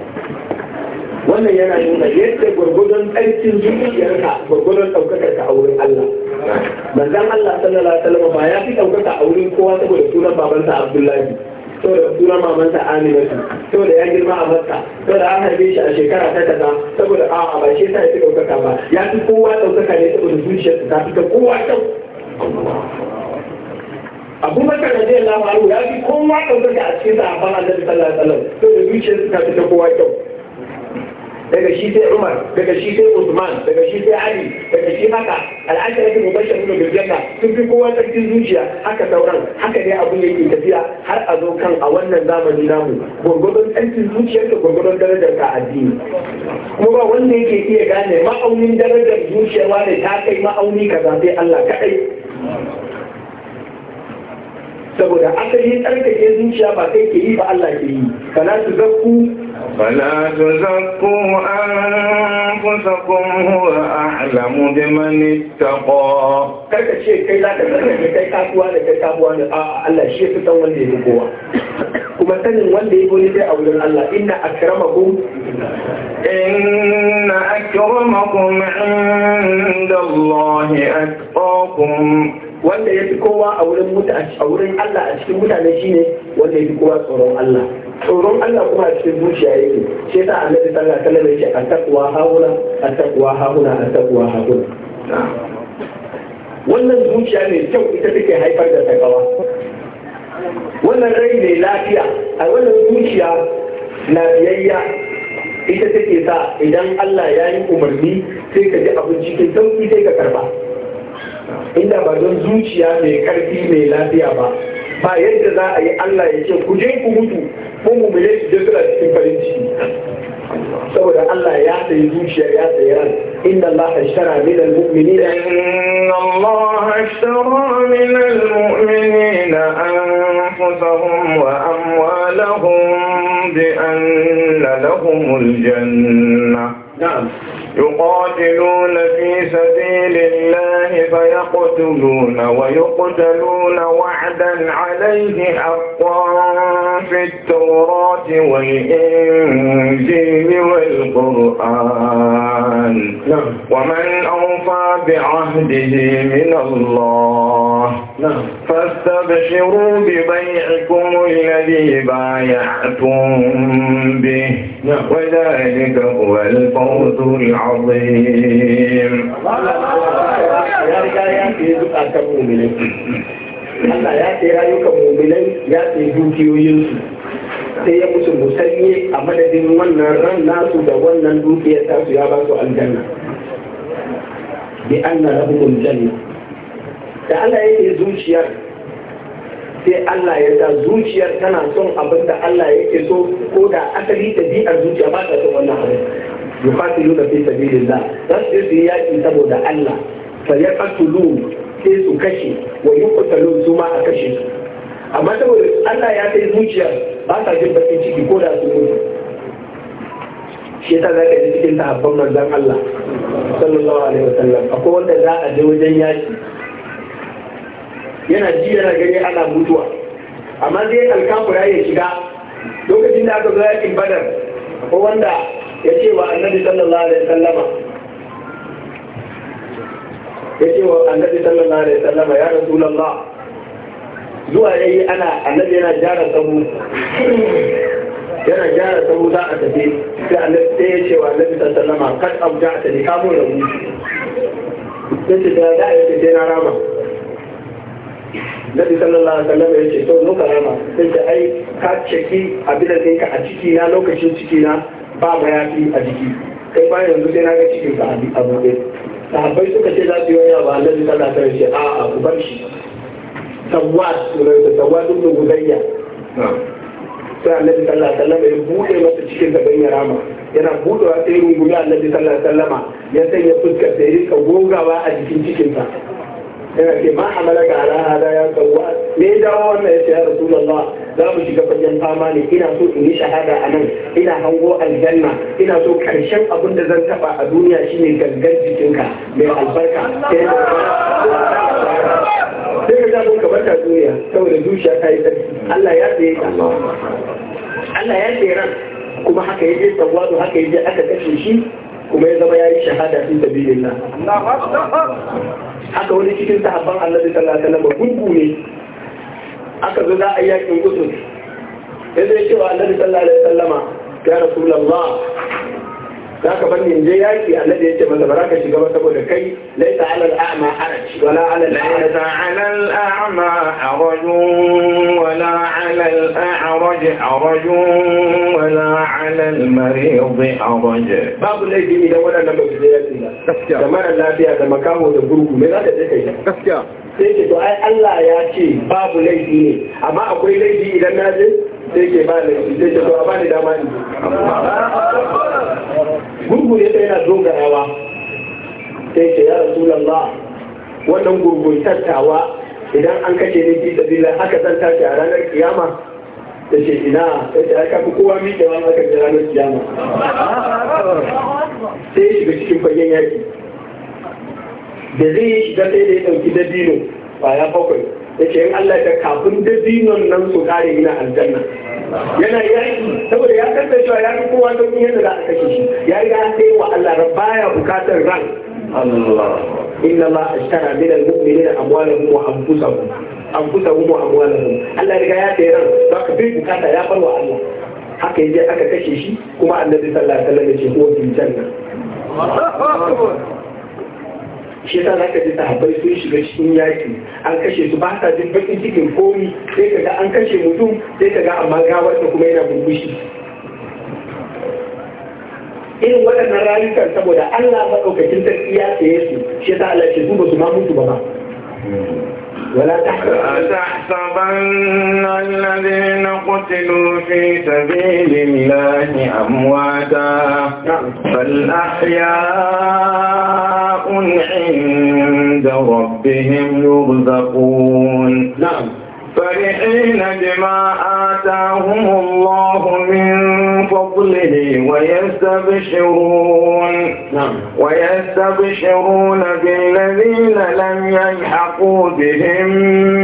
wannan yana nuna yadda gwargwadon aikin zuciyarka gwargwadon ɗaukakar ka a wurin Allah manzon Allah sallallahu alaihi wasallam ba ya fi ɗaukaka a wurin kowa saboda sunan babansa Abdullahi da sunan mamansa Aminatu da ya girma a Makka da an haife shi a shekara ta kaza saboda a'a ba shi yasa ya fi ɗaukaka ba ya fi kowa ɗaukaka ne saboda zuciyarsa ta fi ta kowa kyau abubakar da zai lamaru ya fi kowa ɗaukaka a cikin sahabban annabi sallallahu alaihi wasallam da zuciyarsa ta fi ta kowa kyau daga shi sai Umar daga shi sai Usman daga shi sai Ali daga shi haka al'ashara ta mubashar nuna birjanna sun fi kowa sarkin zuciya haka sauran haka ne abun yake tafiya har a zo kan a wannan zamani namu gwangwadon tsarkin zuciyar da gwangwadon darajar ka addini kuma ba wanda yake iya gane ma'aunin darajar zuciyar wane ta kai ma'auni ka sai Allah kaɗai saboda asali tsarkake zuciya ba kai ke yi ba Allah ke yi kana su zakku fala an anfusakum huwa a'lamu biman ittaqa karka ce kai za ka tsarkake kai kasuwa da kai kasuwa da a'a Allah shi ya san wanda ya kowa kuma sanin wanda ya goni sai a wurin Allah inna akramakum inna akramakum inda Allah atqakum wanda ya fi kowa a wurin Allah a cikin mutane shine wanda ya fi kowa tsoron Allah tsoron Allah kuma a cikin zuciya yake sai ta annabi sallallahu alaihi wasallam yake attaqwa hauna attaqwa hauna attaqwa hauna wannan zuciya ne kyau ita take haifar da takawa wannan rai ne lafiya a wannan zuciya lafiyayya ita take sa idan Allah ya yi umarni sai ka ji abinci cikin sauki sai ka karba inda ba don zuciya mai karfi mai lafiya ba ba yadda za a yi Allah ya ce ku je ku mutu ko mu mule su je cikin farin ciki saboda Allah ya sayi zuciya ya sayi ran inda Allah shara min al-mu'minina da Allah shara min al-mu'minina anfusahum wa amwalahum bi anna lahum al janna يقاتلون في سبيل الله فيقتلون ويقتلون وعدا عليه حقا في التوراة والإنجيل والقرآن نعم. ومن أوفى بعهده من الله نعم. فاستبشروا ببيعكم الذي بايعتم به نعم. وذلك هو الفوز العظيم عظيم Allah ya ce rayukan mummunai ya ce dukiyoyinsu sai ya musu musanye a madadin wannan ran nasu da wannan dukiyar tasu ya ba su aljanna bi anna lahumul janna da Allah ce zuciyar sai Allah ya sa zuciyar tana son abin da Allah ke so ko da asali bi a zuciya ba ta son wannan abin yuqatiluna fi sabilillah dan su yi yaki saboda Allah fa yaqtulu sai su kashe wa yuqtalu su ma a kashe su amma saboda Allah ya kai zuciya ba sa jin bakin ciki ko da su mutu shi ta zaka ji cikin abban manzan Allah sallallahu alaihi wasallam akwai wanda za a je wajen yaki yana ji yana gani ana mutuwa amma zai alkafura ya shiga lokacin da aka zo yakin badar akwai wanda ya ce wa annabi sallallahu alaihi sallama ya ce wa annabi sallallahu zuwa ya yi ana annabi yana gyara sabu yana gyara sabu za a tafi sai annabi ya ce wa annabi sallallahu kan abu a kamo da mu ya ce da da ya ce na rama Nabi sallallahu alaihi wasallam ya ce to nuka rama sai ai ka ceki abin da ka a ciki na lokacin ciki na ba ya fi a jiki kai ba yanzu sai na ga cikin ka a buɗe sahabbai suka ce za su yi wani abu annabi sallallahu alaihi wasallam ce a a ku bar shi sawwat sunan da sawwat ibn gudayya sai annabi sallallahu alaihi wasallam ya buɗe masa cikin da ya rama yana buɗewa sai rungumi annabi sallallahu alaihi wasallama ya sanya fuskar da ya rika gogawa a jikin ta. yana ce ma hamalaka ala hada ya sawwat me ya dawo wannan ya ce ya rasulullah za mu shiga fagen fama ne ina so in yi shahada a nan ina hango aljanna ina so karshen abin da zan taba a duniya shine gangan jikinka mai albarka sai ka zabo ka bata duniya saboda zuciya ta yi Allah ya tsaye ka Allah ya tsaye ran kuma haka ya je tsawado haka ya je aka kashe shi kuma ya zama ya yi shahada fi sabilillah haka wani cikin sahabban Allah sallallahu alaihi wasallam gungu ne aka zo za a yakin gudun yanzu ya ce wa annabi sallallahu alaihi wasallama ya rasulullah za ka bani in je yaki annabi yace masa ba za ka shiga ba saboda kai laisa alal ama haraj wala ala laisa ala al'ama haraj wala ala al'araj haraj wala ala al-marid haraj babu laifi ne dan wadannan ba su je yaki da mara lafiya da makaho da gurgu me za ka je kai gaskiya sai ce to ai Allah ya ce babu laifi ne amma akwai laifi idan na je sai ke ba da shi sai ke zuwa ba ni dama ne gurgure sai yana dogarawa wannan gurgun tattawa idan an kashe ni fi sabila aka san tashi a ranar kiyama da ce ina sai ta aka fi kowa miƙewa aka ji ranar kiyama sai ya shiga cikin fagen yaki da zai shiga sai da ya ɗauki dabino ba ya bakwai yake in Allah ta kafin da dinon nan su kare ina aljanna yana yaki saboda ya kanta cewa ya fi kowa don yadda za a kashe shi ya riga an sai wa Allah baya bukatar ran inna ma ashtara min al-mu'minina amwalahum wa anfusahum anfusahum wa amwalahum Allah riga ya sai ran za ka bi bukata ya farwa Allah haka yaje aka kashe shi kuma annabi sallallahu alaihi wasallam ya ce ko bil janna shi za ka ji sahabbai sun shiga cikin yaki an kashe su ba sa jin bakin cikin komi sai ka ga an kashe mutum sai ka ga amma gawar ta kuma yana burbushi irin waɗannan rayukan saboda Allah maɗaukakin sarki ya tsaye su shi yasa Allah ce su ba su ma mutu ba ba ولا تحسبن الذين قتلوا في سبيل الله أمواتا بل أحياء عند ربهم يرزقون نعم فرحين بما آتاهم الله من فضله ويستبشرون نعم. ويستبشرون بالذين لم يلحقوا بهم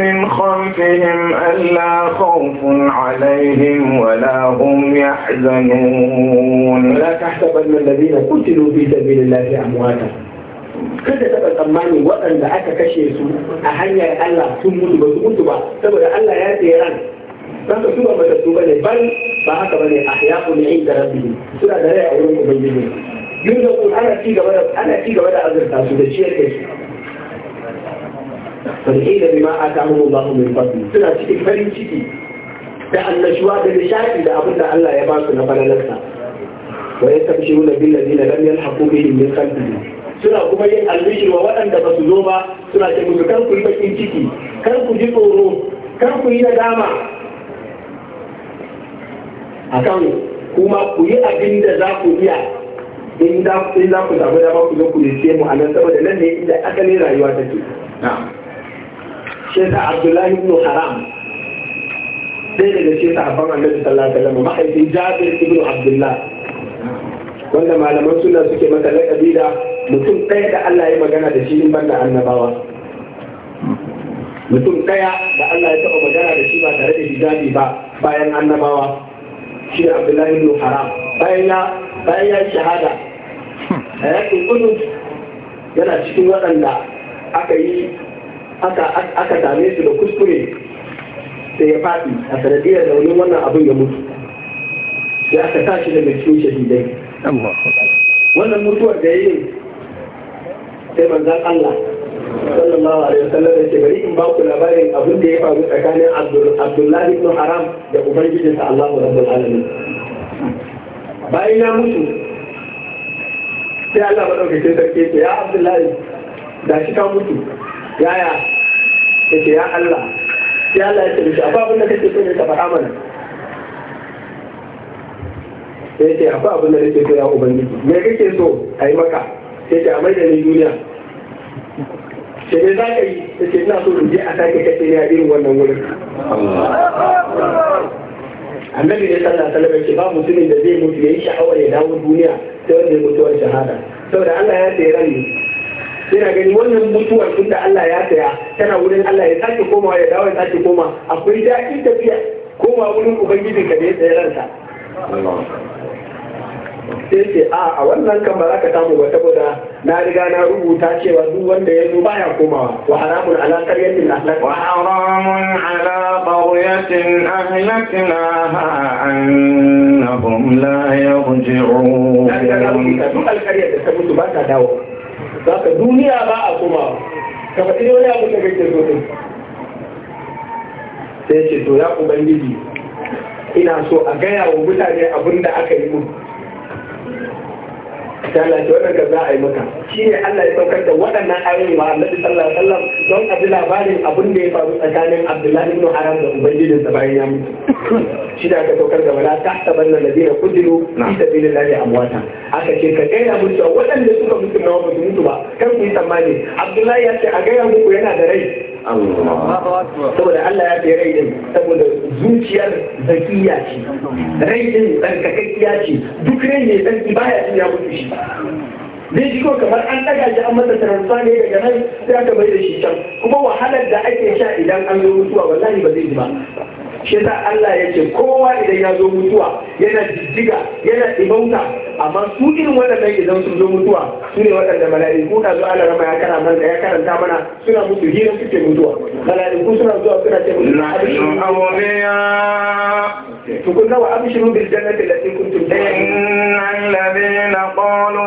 من خلفهم ألا خوف عليهم ولا هم يحزنون ولا تحسبن الذين قتلوا في سبيل الله أمواتا kada taɓa tsammani waɗanda aka kashe su a hanyar Allah sun mutu ba su mutu ba saboda Allah ya tsaye ran don ka tuba mata tuba ne ban ba haka bane a hayaku ne inda rabbi suna da rai a wurin ubangiji yunza ku ana ci gaba da ana ci gaba da azurta su da ciyar da su فالحين بما آتاهم الله من فضل سنة cikin farin ciki da annashuwa da nishadi da abin da Allah ya ba su na falalarsa wa yastabshiruna bil ladina lam yalhaqu bihim min khalfihim suna kuma yin albishir wa waɗanda ba su zo ba suna ce musu kar ku yi bakin ciki kar ku ji tsoro kar ku yi nadama kan kuma ku yi abin da za ku iya in za ku samu dama ku zo ku lice mu a nan saboda nan ne inda asalin rayuwa ta ce. ta abdullahi ibn haram sai daga shi abban annabi sallallahu alaihi wasallam mahaifin jabir ibn Abdullahi. wanda malaman suna suke mata laƙabi da mutum ɗaya da Allah ya magana da shi in banda annabawa mutum ɗaya da Allah ya taɓa magana da shi ba tare da hijabi ba bayan annabawa shi ne Abdullahi Nuhu Haram bayan ya bayan ya shahada a yakin kudu yana cikin waɗanda aka yi aka same su da kuskure sai ya faɗi a sanadiyar launin wannan abin ya mutu sai aka tashi daga cikin shahidai wannan mutuwar da yi sai manzan Allah sallallahu alaihi wasallam da ce bari in ba ku labarin abin da ya faru tsakanin Abdullahi ibn Haram da ubangijinsa Allah rabbul alamin bayan ya mutu sai Allah madaukakin sarki ya ce ya Abdullahi da shi ka mutu yaya ya ce ya Allah sai Allah ya ce shi ababun da kake so ne ka faɗa mana sai ce akwai abin da nake so ya ubangiji me kake so a yi maka sai ce a mai da ni duniya sai ne za ka yi sai ce ina so in je a sake kace ne a irin wannan wurin annabi ne sallallahu alaihi wasallam ba mutumin da zai mutu yi sha'awar ya dawo duniya sai wanda ya mutuwar shahada saboda Allah ya tsaya ran yana gani wannan mutuwar tun da Allah ya saya tana wurin Allah ya sake komawa ya dawo ya sake koma akwai daɗin tafiya komawa wurin ubangijinka da ya tsaya ransa sai ce a a wannan kan ba za ka samu ba saboda na riga na rubuta cewa duk wanda ya zo baya komawa wa haramun ala qaryatin ahlak wa haramun ala qaryatin ahlaknaha annahum la yarji'un na riga na rubuta duk alƙaryar da ta mutu ba ta dawo za ka duniya ba a komawa ka faɗi wani abu da kake so sai ce to ya ubangiji ina so a gaya wa mutane abin da aka yi mun ta lalace waɗanda za a yi maka shi ne Allah ya saukar da waɗannan ayoyi wa Annabi sallallahu alaihi wasallam don a ji labarin abin da ya faru tsakanin Abdullahi ibn Haram da ubangijin sa bayan ya mutu shi da aka saukar da wala tahtaban alladhina qutilu fi sabilillahi amwata aka ce ka gaya musu waɗanda suka mutu na ba su mutu ba Kan ku yi tsammani Abdullahi ya ce a gaya muku yana da rai saboda Allah ya fi rai din saboda zuciyar zakiya ce rai din tsarkakakkiya ce duk rai ne tsarki baya ci, ya mutu shi zai ji kamar an daga shi an masa taransa ne daga nan sai aka bai da shi can kuma wahalar da ake sha idan an zo mutuwa wallahi ba zai ji ba shi Allah ya ce kowa idan ya zo mutuwa yana jijjiga yana ibauta amma su irin waɗannan idan sun zo mutuwa su ne waɗanda mala'iku na zo Allah rama ya karanta mana ya karanta mana suna musu hira suke mutuwa mala'iku suna zuwa suna ce musu na'am bil jannati kuntum innal ladina qalu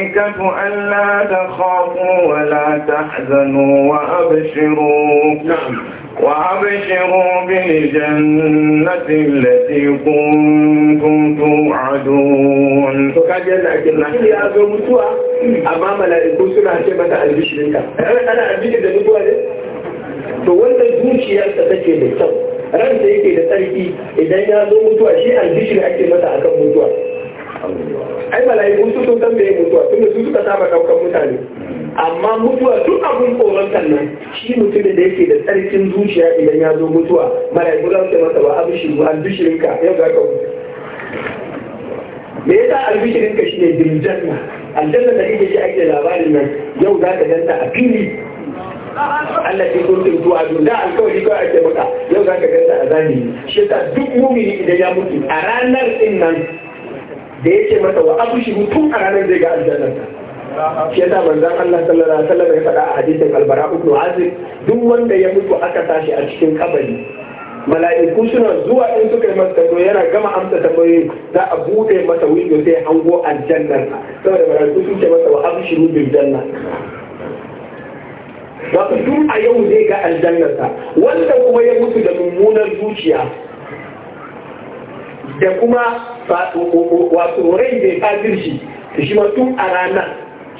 الملائكة ألا تخافوا ولا تحزنوا وأبشروا نعم. وأبشروا بالجنة التي كنتم توعدون أمام yake da tsarki idan ya zo mutuwa shi albishir ake masa akan mutuwa ai mala'iku su sun san meye mutuwa tunda su suka saba daukan mutane amma mutuwa duk abun tsoron nan shi mutumin da yake da tsarkin zuciya idan ya zo mutuwa mala'iku za su ce masa ba abishiru albishirinka yau za ka me yasa albishirinka shine biljanna aljanna da kake shi ake labarin nan yau za ka ganta a fili Allah ke kuntum tu a da alkawari kawai ake maka yau za ka ganta a zahiri shi ta duk mumini idan ya mutu a ranar din nan da yake mata wa abushiru tun a ranar zai ga aljannarsa shi yasa manzon Allah sallallahu alaihi wasallam ya faɗa a hadisin albara ibn azib duk wanda ya mutu aka tashi a cikin kabari mala'iku suna zuwa in suka yi masa tambayoyi yana gama amsa tambayoyi za a bude masa windo sai hango aljannar saboda mala'iku sun ce masa wa abshiru bil janna ba ku duk a yau zai ga aljannarsa wanda kuma ya mutu da mummunar zuciya da kuma wato rai da kafirci da shi tun a ranar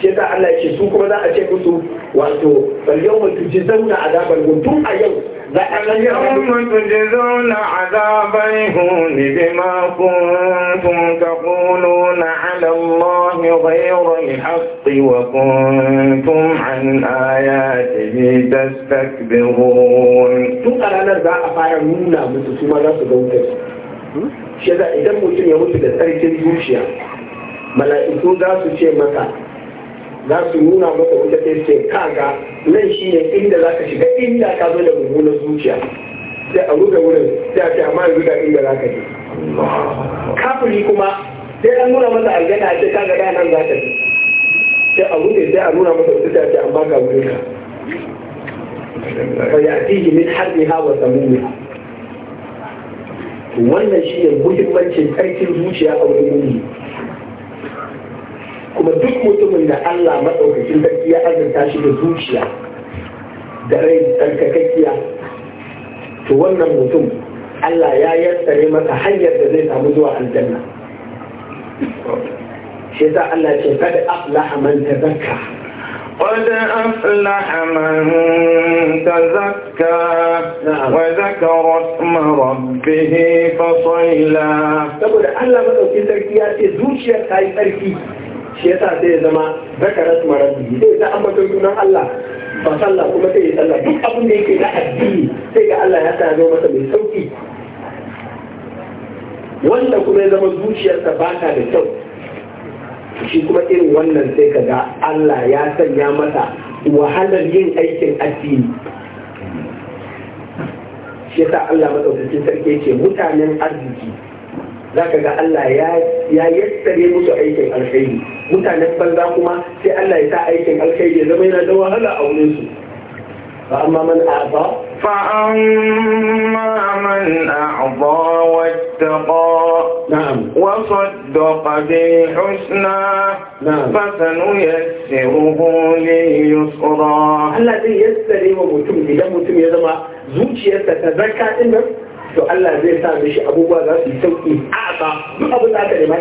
shi yasa Allah ce su kuma za a ce musu wato falyau mutu ji zauna a zabar tun a yau za a ran yau mutu ji zauna a zabar huni bi ma kuntum taquluna ala Allah ghayra al wa kuntum an ayatihi tastakbirun tun a ranar za a fara nuna musu su ma za su ga shi idan mutum ya mutu da tsarkin zuciya mala'iku za su ce maka za su nuna maka wuta ta ce kaga nan shi ne inda za ka shiga inda ka zo da mummunan zuciya sai a rufe wurin sai a ce amma yanzu ga inda za ka je kafiri kuma sai an nuna masa aljanna a ce kaga da nan za ka je sai a rufe sai a nuna masa wuta ta ce amma ga wurin ka fa ya'tihi min harbiha wa samumiha wannan shi ne muhimmancin karfin zuciya a wurin mulki kuma duk mutumin da Allah maɗaukakin sarki ya azurta shi da zuciya da rai tsarkakakkiya to wannan mutum Allah ya yassare masa hanyar da zai samu zuwa aljanna shi yasa Allah ce kada aflaha man tazakka قد أفلح من تزكى وذكر اسم ربه فصلى تقول الله مدوكي تركيا تزوشيا تاي تركي شيطا زي زما ذكر اسم ربه زي إذا أما تقولنا الله فصلى كما تي صلى duk abin da yake na addini sai ga Allah ya sa masa mai sauki wanda kuma ya zama zuciyarsa ba ta da kyau shi kuma irin wannan sai ka ga Allah ya sanya masa wahalar yin aikin addini shi yasa Allah cikin sarki ce mutanen arziki za ka ga Allah ya yassare musu aikin alkhairi mutanen banza kuma sai Allah ya sa aikin alkhairi ya zama yana da wahala a wurin su فأما من أعطى فأما من أعطى واتقى نعم وصدق بالحسنى نعم فسنيسره لليسرى الذي يستلم متم إذا متم يزمع زوجي تتذكى إنه to Allah zai sa mishi abubuwa za su yi sauƙi a ba abin da aka nema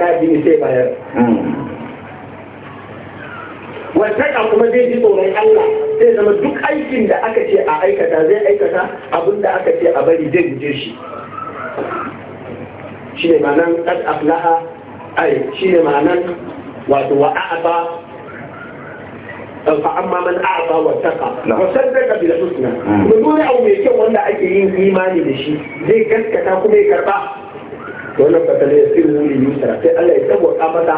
wasaka kuma zai ji tsoron Allah zai zama duk aikin da aka ce a aikata zai aikata abin da aka ce a bari zai guje shi shi ne ma'anan ƙad aflaha ai shi ne ma'anan wato wa a'ata fa amma man a'ata wa wasan zai ka bila husna kuma hmm. dole abu mai kyau wanda ake yin imani da shi zai gaskata kuma ya karba wannan fatalin sirrin yusra sai Allah ya tabbata mata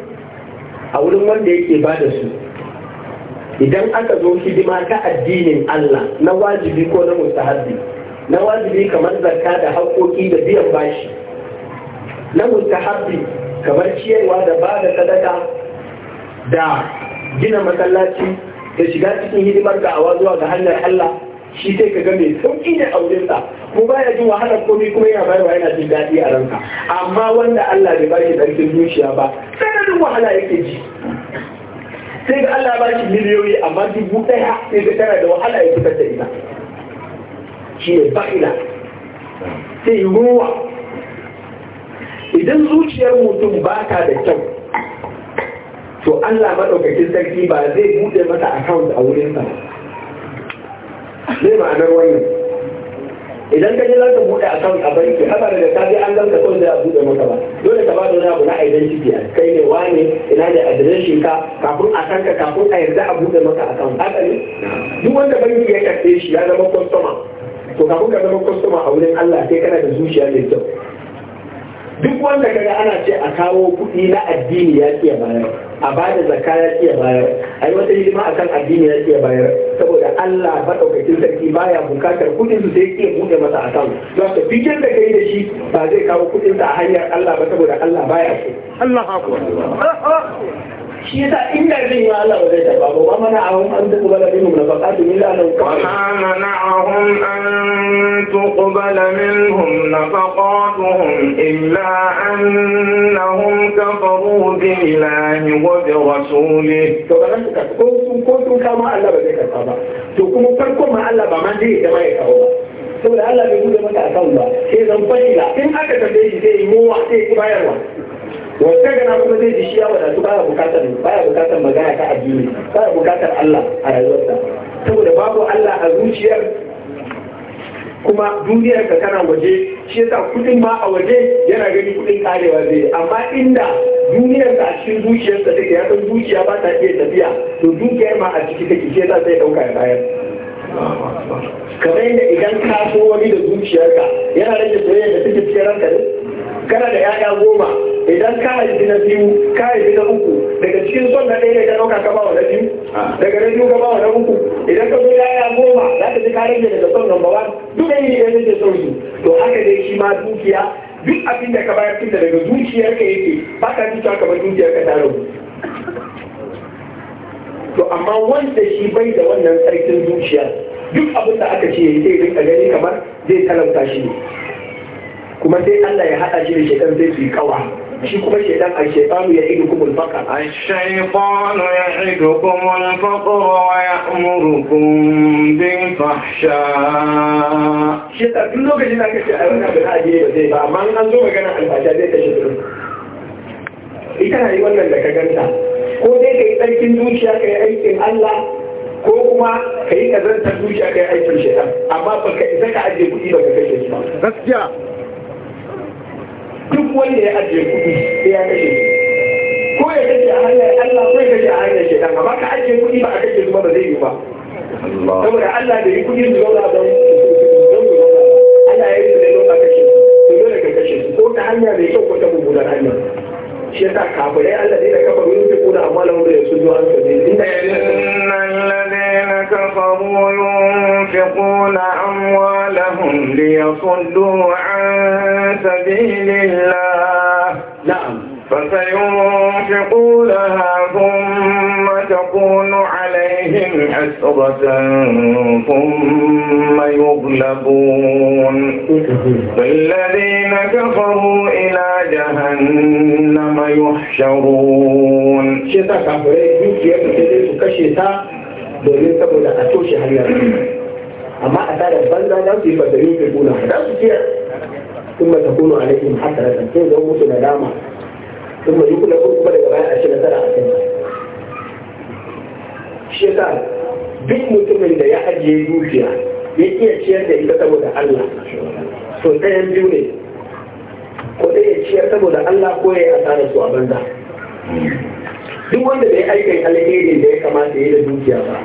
a wurin wanda yake ba da su idan aka zo hidima ta addinin Allah na wajibi ko na mustahabbi na wajibi kamar zarka da haƙoƙi da biyan bashi na mustahabbi kamar ciyarwa da ba da sadaka da gina masallaci da shiga cikin hidimar awa zuwa ga hanyar Allah shi sai ka ga mai ne da aurensa ko baya jin wahalar komai kuma yana bayarwa yana jin daɗi a ranka amma wanda Allah bai bashi ɗarfin zuciya ba tsananin wahala yake ji sai ga Allah ba shi miliyoyi amma dubu ɗaya sai ga tara da wahala ya fitar da ita shi ne ba'ila sai ruwa idan zuciyar mutum ba ta da kyau to Allah maɗaukakin sarki ba zai buɗe mata akawunt a wurinsa ba zai ma'anar wani idan ka je ka buɗe account a banki haka daga ka je an ganka kawai za a buɗe maka ba dole ka ba da wani abu na identity a kai ne wane ina ne adireshin ka kafin a san ka kafin a yarda a buɗe maka account haka ne duk wanda banki ya karɓe shi ya zama customer to kafin ka zama customer a wurin Allah sai kana da zuciya mai kyau duk wanda kaga ana ce a kawo kuɗi na addini ya ke bayar a bada zakka ya ke bayar a yi wata hidima akan addini ya ke bayar saboda Allah madaukakin sarki baya bukatar kuɗin su sai ke buɗe masa akan don ka fikin da kai da shi ba zai kawo kuɗin sa a hanyar Allah ba saboda Allah baya so Allah وما منعهم أن تقبل منهم نفقاتهم إلا أنهم كفروا بالله وبرسوله كنتم كما ألا بذلك الله تكون كما ألا بمنزل كما يكون ألا بمنزل كما يكون إذا مفجلة إن أكتب ذلك موحكي كما يروح wata gana kuma zai ji shi ya wadatu baya bukatar ya bukatar magana ta addini ya bukatar Allah a rayuwarsa saboda babu Allah a zuciyar kuma duniyar ka kana waje shi yasa kudin ma a waje yana gani kudin karewa zai amma inda duniyar ka a cikin zuciyarsa take ya san zuciya ba ta iya tafiya to dukiyar ma a ciki take shi yasa sai dauka ya bayar kamar yadda idan ka so wani da zuciyarka yana rage soyayya da suke cikin ranka ne kana da 'ya'ya goma idan ka haifi na biyu ka haifi na uku daga cikin son na ɗaya ne ka ɗauka ka ba wa na biyu daga na biyu ka ba wa na uku idan ka zo yaya goma za ka ji ka rage daga son namba wan duk da yi ne to haka dai shi ma dukiya duk abin da ka bayar tun daga zuciyarka yake ba ka ji cewa kamar zuciyarka ta rabu to amma wanda shi bai da wannan tsarkin zuciya duk abin da aka ce sai rinka gani kamar zai talauta shi kuma sai Allah ya haɗa shi da shaitan sai su yi kawa shi kuma shaitan a shaitanu ya idu kumul faka a shaitanu ya idu kumul faka wa ya umurukun bin fahsha shaitan tun lokacin da aka ce a wani abin ajiye ba zai ba amma an zo magana albasha zai ta shirin ita na yi wannan da ka ganta ko dai ka yi tsarkin zuciya ka yi aikin Allah ko kuma ka yi kazantar zuciya ka yi aikin shaitan amma ba ka isa ka ajiye kuɗi ba ka kashe ba gaskiya duk wanda ya ajiye kuɗi ya kashe su ko ya kashe a hanyar Allah ko ya kashe a hanyar shaitan amma ka ajiye kuɗi ba a kashe su ba ba zai yi ba saboda Allah da yi kuɗi su zauna don Allah ya yi su da don su ka kashe su ko ta hanya mai kyau ko ta mummunar hanyar. shi yasa kafirai alladina kafaru yunfiquna amwalahum la yasuddu an sabilillah الذين كفروا ينفقون أموالهم ليصدوا عن سبيل الله نعم فسينفقونها ثم تكون عليهم حسرة ثم يغلبون فالذين كفروا إلى جهنم يحشرون أما أدار البلد لا يوجد بدليل في البناء ثم تكون عليهم حتى لا تنتهي لهم مثل ثم يقول لكم قبل الغاية عشان ترى أحسنها shekar duk mutumin da ya ajiye dukiya ya iya ciyar da ita saboda Allah so ɗayan biyu ne ko dai ya ciyar saboda Allah ko ya yi asara su a banza duk wanda bai aikin alheri da ya kamata ya yi da dukiya ba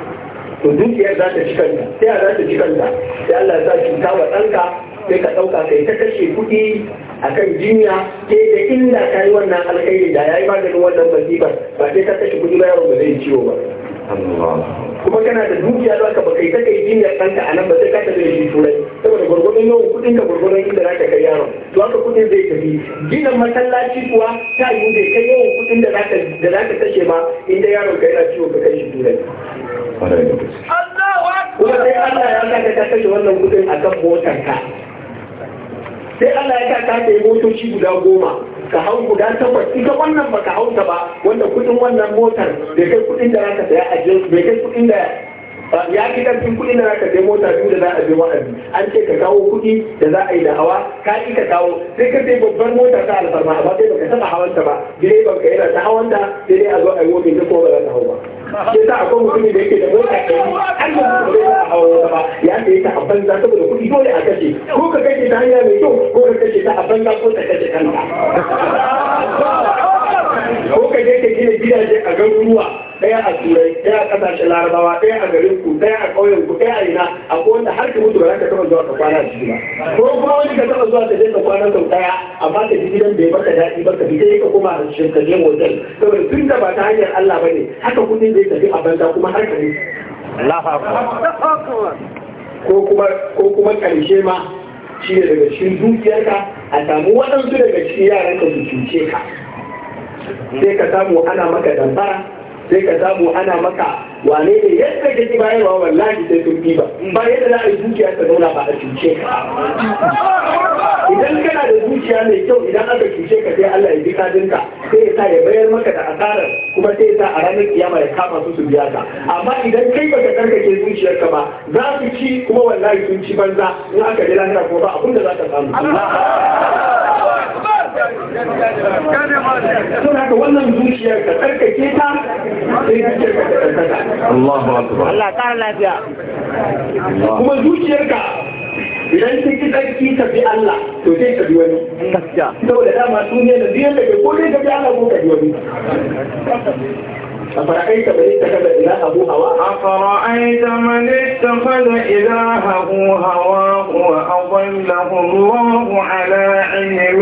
to dukiyar za ta cikanta sai za ta cikanta sai Allah za sa cuta wa ɗanka sai ka ɗauka kai ta kashe kuɗi a kan jinya sai da inda ka yi wannan alheri da ya yi maganin wannan masifar ba sai ka kashe kuɗi ba yaron ba zai ciwo ba kuma kana da dukiya za ka baka ta kai jinyar ɗanka a nan ba sai ka ta da shi turai saboda gwargwadon yawan kuɗin da gwargwadon inda za ka kai yaron to haka kuɗin zai tafi gina masallaci kuwa ta yi bai kai yawan kuɗin da za ka kashe ma inda yaron ka yana ciwo ka kai shi turai kuma sai Allah ya sa ka kashe wannan kuɗin a motar ka sai Allah ya sa ka yi motoci guda goma ka hau guda takwas ita wannan ba ka hau ta ba wanda kudin wannan motar da kai kudin da zaka saya a kai kudin da ya fi karfin kudi da zaka je mota biyu da za a je wa'azi an ce ka kawo kudi da za a yi da hawa ka yi ka kawo sai ka sai babbar mota ta alfarma amma sai baka taba hawanta ba direban ka yana ta hawanta sai dai a zo a yi womin duk ko ba za ta hau ba shi sa akwai mutumin da yake da mota ɗari har da mutum da ya hawa wata ba ya ta yi ta a banza saboda kuɗi dole a kashe ko ka kashe ta hanya mai kyau ko ka kashe ta a banza ko ta kashe kanta ko ka je ka gina gidaje a garuruwa ɗaya a turai ɗaya a ƙasashen larabawa ɗaya a garin ku ɗaya a ƙauyen ku ɗaya a ina a wanda har ka mutu ba za ka taɓa zuwa ka kwana a ciki ko kuma wani ka taɓa zuwa ka je ka kwana sau ɗaya amma ka ji gidan bai baka daɗi ba ka bi sai ka koma a cikin ka je hotel saboda tun da ba ta hanyar Allah ba ne haka kuɗin zai tafi a banza kuma har kare ko kuma karshe ma shi ne daga cikin dukiyarka a samu waɗansu daga cikin yaran ka su cuce ka sai ka samu ana maka damfara sai ka samu ana maka wane ne yadda kake bayarwa wallahi sai sun ba ba yadda za a yi dukiya ta zauna ba a cuce ka idan kana da zuciya mai kyau idan aka cuce ka sai Allah ya bi kadinka sai ya sa ya bayar maka da asarar kuma sai ya sa a ranar kiyama ya kama su su biya ka amma idan kai baka tsarkake zuciyarka ba za su ci kuma wallahi sun ci banza in aka ji lahira kuma ba abin da za ka samu saboda haka wannan zuciyar ka tsarkake ta sai zuciyar ka ta tsarkaka Allah ƙara lafiya kuma zuciyarka idan kin ki tsarki ka bi Allah to sai ka bi wani saboda dama su ne da biyan da ke ko dai ka bi Allah ko ka bi wani أفرأيت من اتخذ إلهه هواه أفرأيت من اتخذ إلهه هواه وأضله الله على علم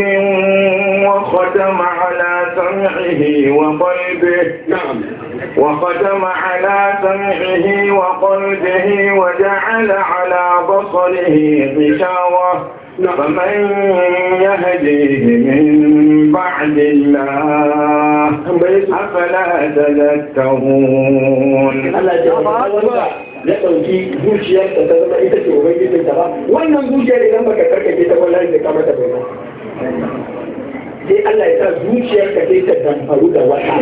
وختم على سمعه وقلبه نعم وختم على سمعه وقلبه وجعل على بصره غشاوة فمن يهديه من بعد الله أفلا تذكرون na ɗauki zuciyar da ta zama ita ce ubangijin ta ba wannan zuciyar idan baka karkace ta wallahi da kamar ta bai ba sai Allah ya sa zuciyar ka sai ta damfaru da wata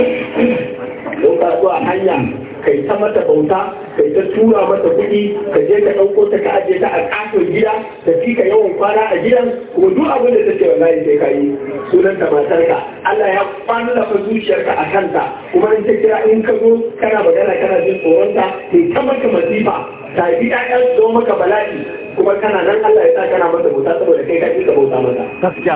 don ka zuwa hanya kai ta mata bauta kai ta tura mata kuɗi ka je ka ɗauko ta ka aje ta a ƙaton gida ta fi ka yawan kwana a gidan kuma duk abin da take wa layi sai ka yi sunan ta matarka Allah ya ƙwallafa zuciyarka a kanta kuma in ta kira in ka zo kana magana kana jin tsoronta kai ta mata masifa ta fi ɗayan don maka bala'i kuma kana nan Allah ya sa kana masa bauta saboda kai ka kika bauta masa gaskiya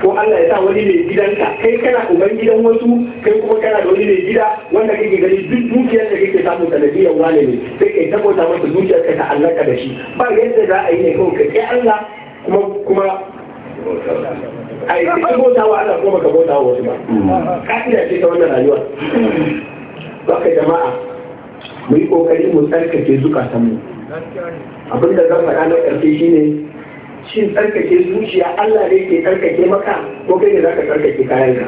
ko Allah ya sa wani mai gidanka kai kana uban gidan wasu kai kuma kana da wani mai gida wanda kake gani duk dukiyar da kake samu sanadiyar wane ne sai kai ta bauta masa dukiyar ka ta Allah ka da shi ba yadda za a yi ne kawai ka kai Allah kuma kuma a yi cikin bauta wa Allah kuma ka bauta wa wasu ba mm. ka'ida ce ta wannan rayuwa ba kai jama'a mu yi kokari mu tsarkake zukatanmu abin da zan faɗa na ƙarfi shine shin tsarkake zuciya Allah ne ke tsarkake maka ko kai ne za ka tsarkake kayan ka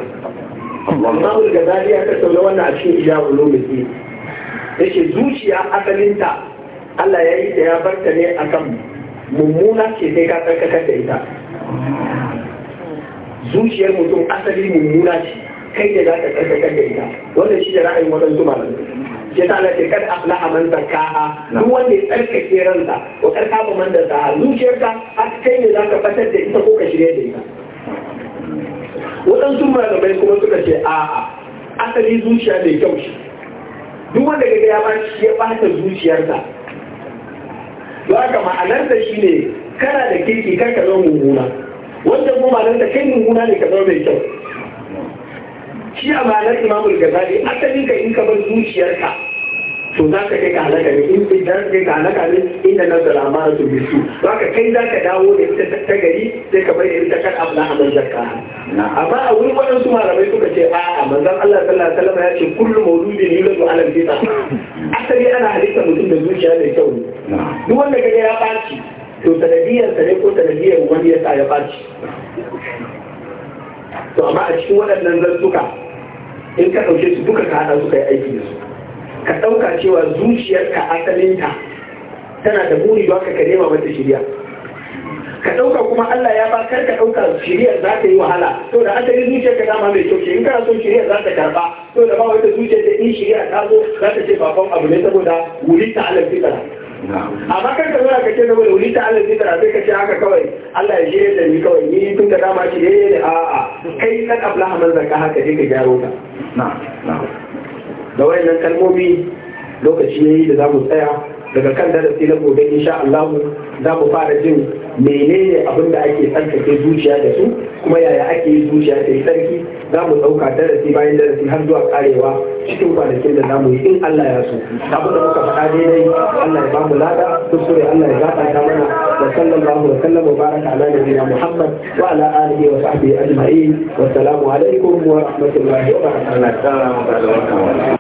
amma wani da zari ya tattauna wannan a cikin iya ulo Ya ce zuciya asalinta Allah ya yi ta ya barta ne a kan mummuna ce sai ka tsarkakar da ita zuciyar mutum asali mummuna ce kai ne za ka tsarkakar da ita wannan shi da ra'ayin waɗansu malamai ya sa na kad a man zakaha duk wanda ya tsarkake ransa wa karka ba man da zaha zuciyarka har kai ne ka fatar da ita ko ka shirya da ita waɗansu malamai kuma suka ce a'a asali zuciya mai kyau shi duk wanda ga ya ya bata zuciyarsa don haka ma'anarsa ne, kana da kirki kar ka zama mummuna wanda kuma ma'anarsa kai mummuna ne ka zama mai kyau shi a ma'anar imamul gazali asalin ka in ka bar zuciyarka to za ka kai ka halaka ne in ka kai ka halaka ne inda na su bi su bisu ka kai za ka dawo da ita ta gari sai ka bar da ita kan abu a man zakka amma a wurin waɗansu malamai suka ce a a manzon Allah sallallahu alaihi wasallam ya ce kullu mawludin yuladu ala fitra asali ana halitta mutum da zuciya mai kyau ne duk wanda kaga ya baci to sanadiyar sa ne ko sanadiyar wani ya sa ya baci to amma a cikin waɗannan zartuka in ka ɗauke su duka ka haɗa su kai aiki da su ka ɗauka cewa zuciyarka asalinta tana da buri ba ka nema mata shirya ka ɗauka kuma Allah ya ba kar ka ɗauka shirya za ta yi wahala to da asali zuciyarka dama mai kyau in kana so shirya za ta karɓa to da ba wata zuciyar da in shirya ta zo za ta ce babban abu ne saboda wuri ta alal amma kan ka zuwa kake saboda wuri ta Allah zai ka ce haka kawai Allah ya je da ni kawai ni tun da dama shi ne a a kai kan abla hamar zaka haka je ka gyaro ka da wayannan kalmomi lokaci yayi da za mu tsaya daga kan darasi na gobe insha Allah za mu fara jin menene abin da ake tsarkake zuciya da su kuma yaya ake yi zuciya ta tsarki za mu ɗauka darasi bayan darasi har zuwa karewa cikin kwanakin da za mu yi in Allah ya so abu da muka faɗa daidai Allah ya bamu lada kuskure Allah ya gata ta mana wa sallallahu wa sallama baraka ala nabiyina Muhammad wa ala alihi wa sahbihi ajma'in wa salamu alaikum wa rahmatullahi wa barakatuh